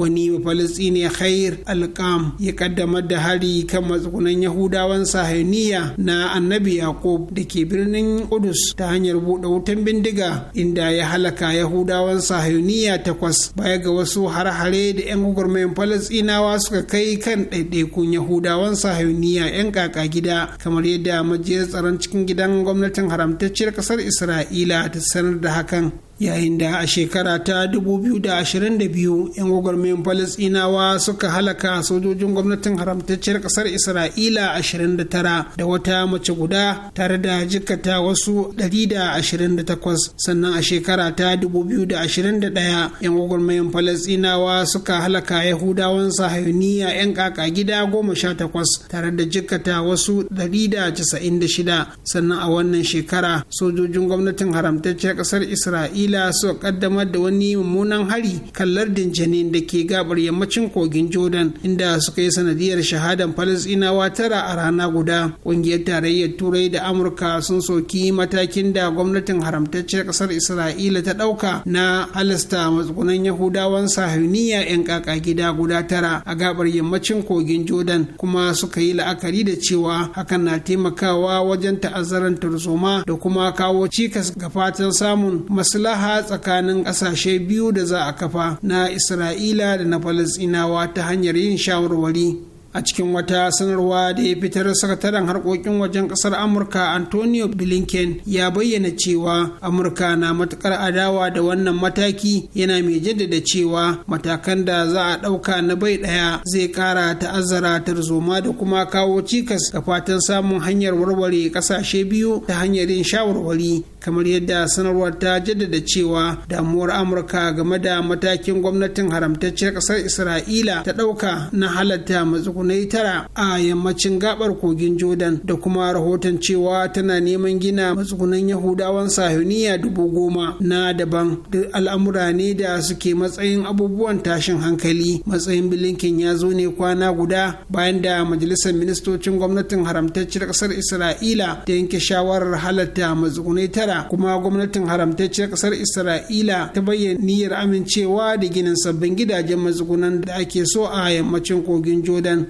wani bafalistini khair alkam ya kaddamar da hari kan matsugunan yahudawan sahayoniya na annabi yakub da ke birnin kudus ta hanyar buɗe wutan bindiga inda ya halaka yahudawan sahayoniya takwas baya ga wasu har-hare da 'yan gwagwarmayin falastinawa suka kai kan ɗaiɗaikun yahudawan sahayuniya 'yan kaka gida kamar yadda majiyar tsaron cikin gidan gwamnatin haramtacciyar kasar isra'ila ta sanar da hakan yayin da a shekara ta 2022 'yan gwagwarmayin falasinawa suka halaka sojojin gwamnatin haramtacciyar kasar isra'ila 29 da wata mace guda tare da jikata wasu 128 sannan a shekara ta 2021 'yan gwagwarmayin falasinawa suka halaka yahudawan sahayuniya 'yan kaka gida 18 tare da jikata wasu 196 sannan a wannan shekara sojojin gwamnatin haramtacciyar kasar isra'ila Kila suka kaddamar da wani mummunan hari kan lardin janin da ke gabar yammacin kogin jordan inda suka yi sanadiyar shahadan falasinawa tara a rana guda ƙungiyar tarayyar turai da amurka sun soki matakin da gwamnatin haramtaccen ƙasar isra'ila ta ɗauka na halasta matsugunan yahudawan sahiniya 'yan kaka gida guda tara a gabar yammacin kogin jordan kuma suka yi la'akari da cewa hakan na taimakawa wajen ta'azzaran tarzoma da kuma kawo cikas ga fatan samun maslaha maslaha tsakanin ƙasashe biyu da za a kafa na isra'ila da na falasinawa ta hanyar yin shawarwari a cikin wata sanarwa da ya fitar sakataren harkokin wajen kasar amurka antonio blinken ya bayyana cewa amurka na matukar adawa da wannan mataki yana mai jaddada cewa matakan da za a ɗauka na bai ɗaya zai ƙara ta'azzara tarzoma da kuma kawo cikas ga fatan samun hanyar warware ƙasashe biyu ta hanyar yin shawarwari kamar yadda sanarwar ta jaddada cewa damuwar amurka game da matakin gwamnatin haramtacciyar ƙasar isra'ila ta ɗauka na halatta matsugun matsugunai tara a yammacin gabar kogin jordan da kuma rahoton cewa tana neman gina matsugunan yahudawan sahuniya dubu goma na daban duk al'amura ne da suke matsayin abubuwan tashin hankali matsayin bilinkin ya zo ne kwana guda bayan da majalisar ministocin gwamnatin haramtacciyar kasar isra'ila ta yanke shawarar halatta matsugunai tara kuma gwamnatin haramtacciyar kasar isra'ila ta bayyana niyyar amincewa da ginin sabbin gidajen matsugunan da ake so a yammacin kogin jordan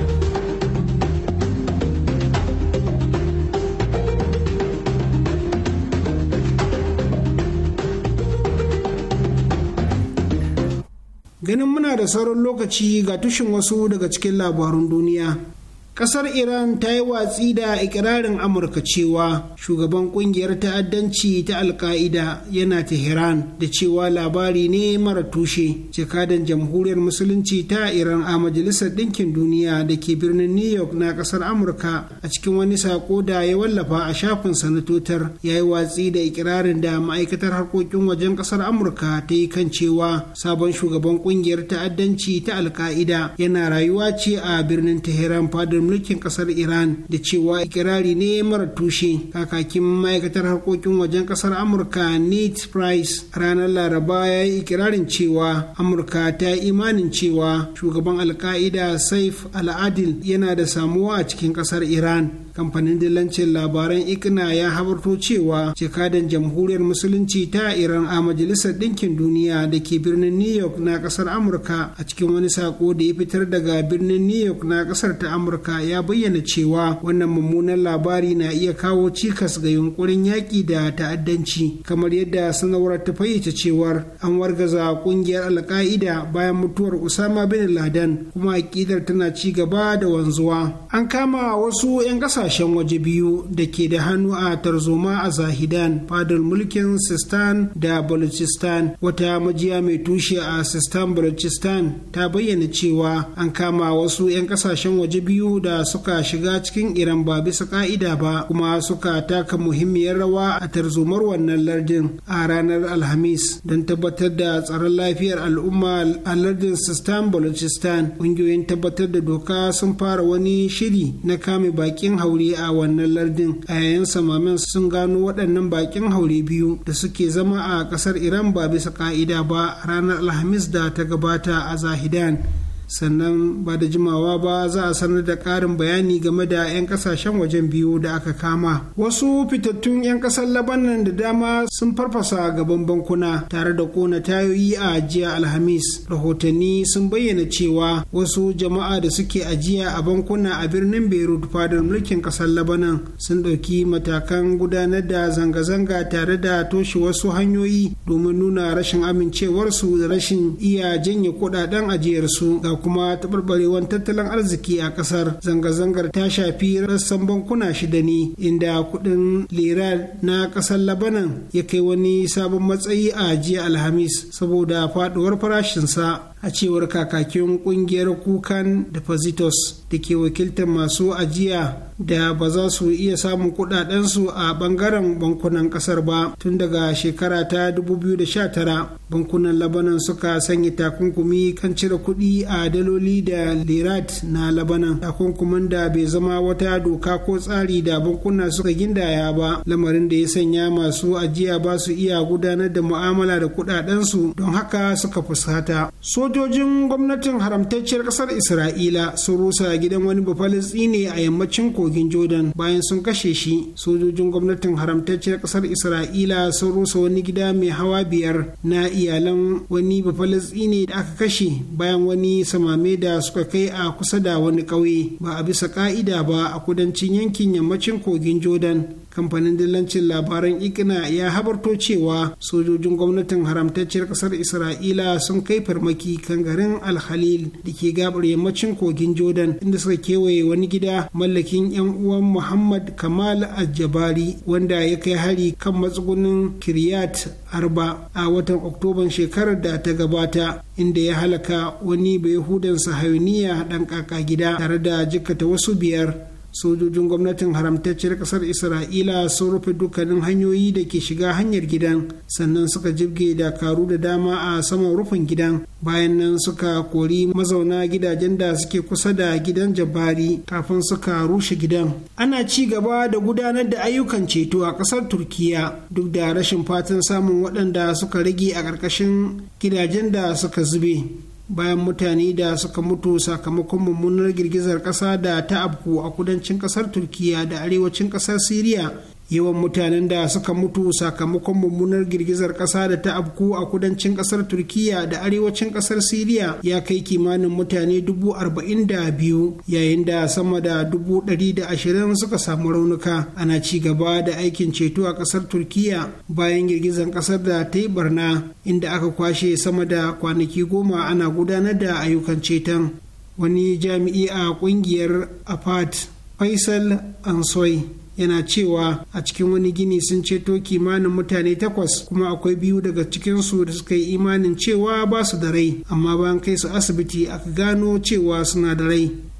ganin muna da sauran lokaci ga tushen wasu daga cikin labarun duniya Ƙasar Iran ta yi watsi da ikirarin Amurka cewa shugaban ƙungiyar ta'addanci ta Alka'ida yana Tehran da cewa labari ne mara tushe. Jakadan Jamhuriyar Musulunci ta Iran a Majalisar Ɗinkin Duniya da ke birnin New York na ƙasar Amurka a cikin wani sako da ya wallafa a shafin sanatotar ya yi watsi da ikirarin da ma'aikatar harkokin wajen ƙasar Amurka ta yi kan cewa sabon shugaban ƙungiyar ta'addanci ta Alka'ida yana rayuwa ce a birnin Tehran fadar mulkin kasar iran da cewa ikirari ne mara tushe kakakin ma'aikatar harkokin wajen kasar amurka nate price ranar laraba ya yi ikirarin cewa amurka ta yi imanin cewa shugaban alka'ida saif al'adil yana da samuwa a cikin kasar iran kamfanin dillancin labaran ikna ya habarto cewa jakadan jamhuriyar musulunci ta iran a majalisar ɗinkin duniya da ke birnin new york na kasar amurka a cikin wani sako da ya fitar daga birnin new york na kasar ta amurka haka ya bayyana cewa wannan mummunan labari na iya kawo cikas ga yunkurin yaƙi da ta'addanci kamar yadda sanawar ta fayyace cewar an wargaza ƙungiyar alka'ida bayan mutuwar usama bin laden kuma aƙidar tana ci gaba da wanzuwa an kama wasu 'yan ƙasashen waje biyu da ke da hannu a tarzoma a zahidan fadar mulkin sistan da baluchistan wata majiya mai tushe a sistan baluchistan ta bayyana cewa an kama wasu 'yan ƙasashen waje biyu da suka shiga cikin iran ba bisa ka'ida ba kuma suka taka muhimmiyar rawa a tarzomar wannan lardin a ranar alhamis don tabbatar da tsaron lafiyar al'umma a lardin sistan balochistan ƙungiyoyin tabbatar da doka sun fara wani shiri na kame bakin haure a wannan lardin a yayin samamin sun gano waɗannan bakin haure biyu da suke zama a ƙasar iran ba bisa ka'ida ba ranar alhamis da ta gabata a zahidan sannan ba da jimawa ba za a sanar da ƙarin bayani game da 'yan kasashen wajen biyu da aka kama wasu fitattun 'yan ƙasar labanan da dama sun farfasa gaban bankuna tare da kona tayoyi a jiya alhamis rahotanni sun bayyana cewa wasu jama'a da suke ajiya a bankuna a birnin beirut fadar mulkin ƙasar labanan sun ɗauki matakan gudanar da zanga-zanga tare da toshe wasu hanyoyi domin nuna rashin amincewarsu da rashin iya janye kuɗaɗen ajiyarsu ga kuma taɓarɓarewar tattalin arziki a ƙasar zanga-zangar ta shafi rassan bankuna shida ne inda kuɗin lira na ƙasar labanan ya kai wani sabon matsayi a jiya alhamis saboda faɗuwar farashinsa a cewar kakakin kungiyar kukan depositors da ke wakiltar masu ajiya da ba za su iya samun kudadensu a bangaren bankunan kasar ba tun daga shekara ta 2019 bankunan labanan suka sanya takunkumi kan cire kuɗi a daloli da lirat na labanan kuman da bai zama wata doka ko tsari da bankuna suka gindaya ba lamarin da ya sanya masu ajiya ba su iya gudanar da mu'amala da kudadensu don haka suka fusata sojojin gwamnatin haramtacciyar kasar isra'ila sun rusa gidan wani bafalistini a yammacin kogin jordan bayan sun kashe shi sojojin gwamnatin haramtacciyar kasar isra'ila sun rusa wani gida mai hawa biyar na iyalan wani bafalistini da aka kashe bayan wani samame da suka kai a kusa da wani ƙauye ba a bisa ka'ida ba a kudancin yankin yammacin kogin jordan kamfanin dillancin labaran ikina ya habarto cewa sojojin gwamnatin haramtacciyar kasar isra'ila sun kai farmaki kan garin alhalil da ke gabar yammacin kogin jordan inda suka kewaye wani gida mallakin yan uwan muhammad kamal aljabari wanda ya kai hari kan matsugunin kiryat arba a watan oktoban shekarar da ta gabata inda ya halaka wani bai hudansa hauniya dan kaka gida tare da jikata wasu biyar sojojin gwamnatin haramtacciyar kasar isra'ila sun rufe dukkanin hanyoyi da ke shiga hanyar gidan sannan suka jibge dakaru da dama a saman rufin gidan bayan nan suka kori mazauna gidajen da suke kusa da gidan jabari kafin suka rushe gidan ana ci gaba da gudanar da ayyukan ceto a kasar turkiya duk da rashin fatan samun waɗanda suka rage a ƙarƙashin gidajen da suka zube bayan mutane da suka mutu sakamakon mummunar girgizar ƙasa da ta abku a kudancin kasar turkiya da arewacin kasar siriya yawan mutanen da suka mutu sakamakon mummunar girgizar ƙasa da ta afku a kudancin ƙasar turkiya da arewacin ƙasar siriya ya kai kimanin mutane dubu arba'in da biyu yayin da sama da dubu ɗari da ashirin suka samu raunuka ana ci gaba da aikin ceto a ƙasar turkiya bayan girgizar ƙasar da ta yi barna inda aka kwashe sama da kwanaki goma ana gudanar da ayyukan ceton wani jami'i a ƙungiyar apart faisal ansoi yana cewa a cikin wani gini sun ceto kimanin mutane takwas kuma akwai biyu daga cikinsu da suka yi imanin cewa ba su da rai amma bayan kai su asibiti aka gano cewa suna da rai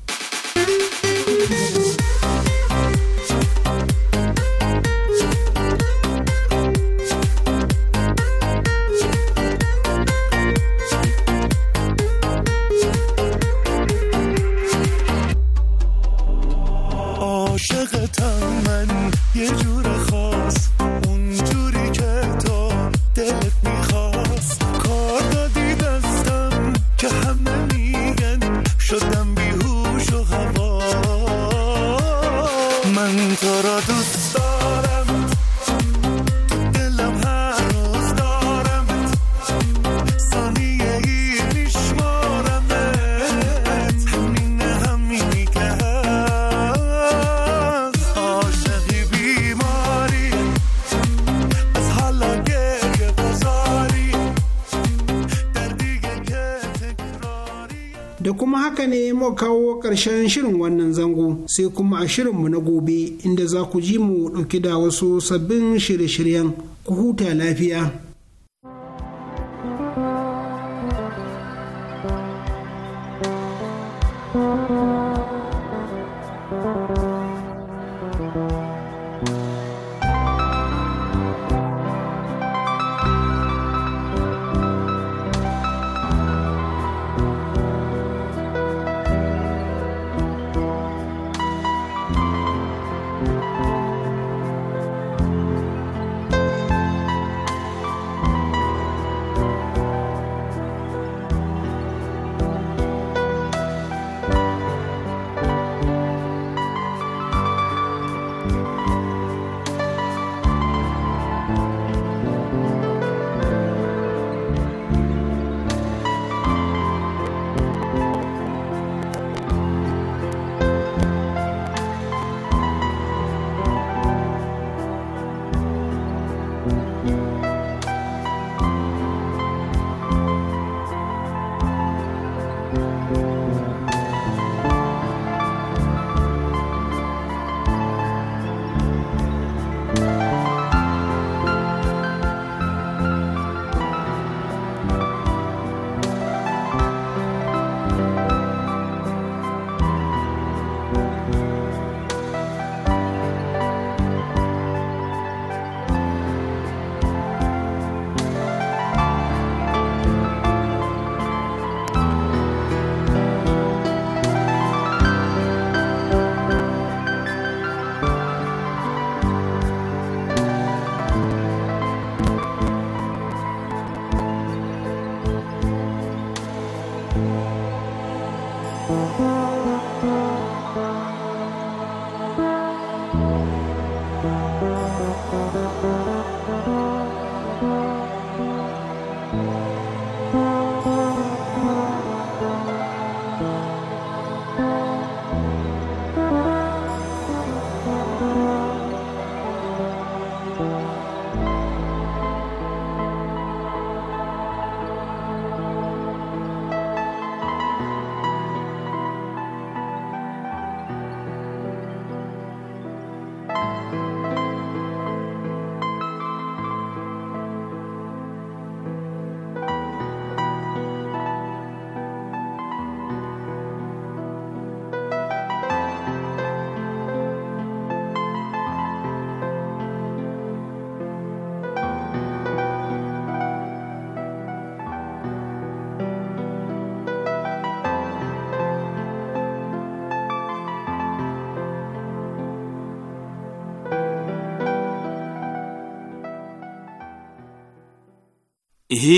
mu kawo ƙarshen shirin wannan zango sai kuma a shirinmu na gobe inda za ku ji mu ɗauki da wasu sabbin shirye-shiryen ku huta lafiya.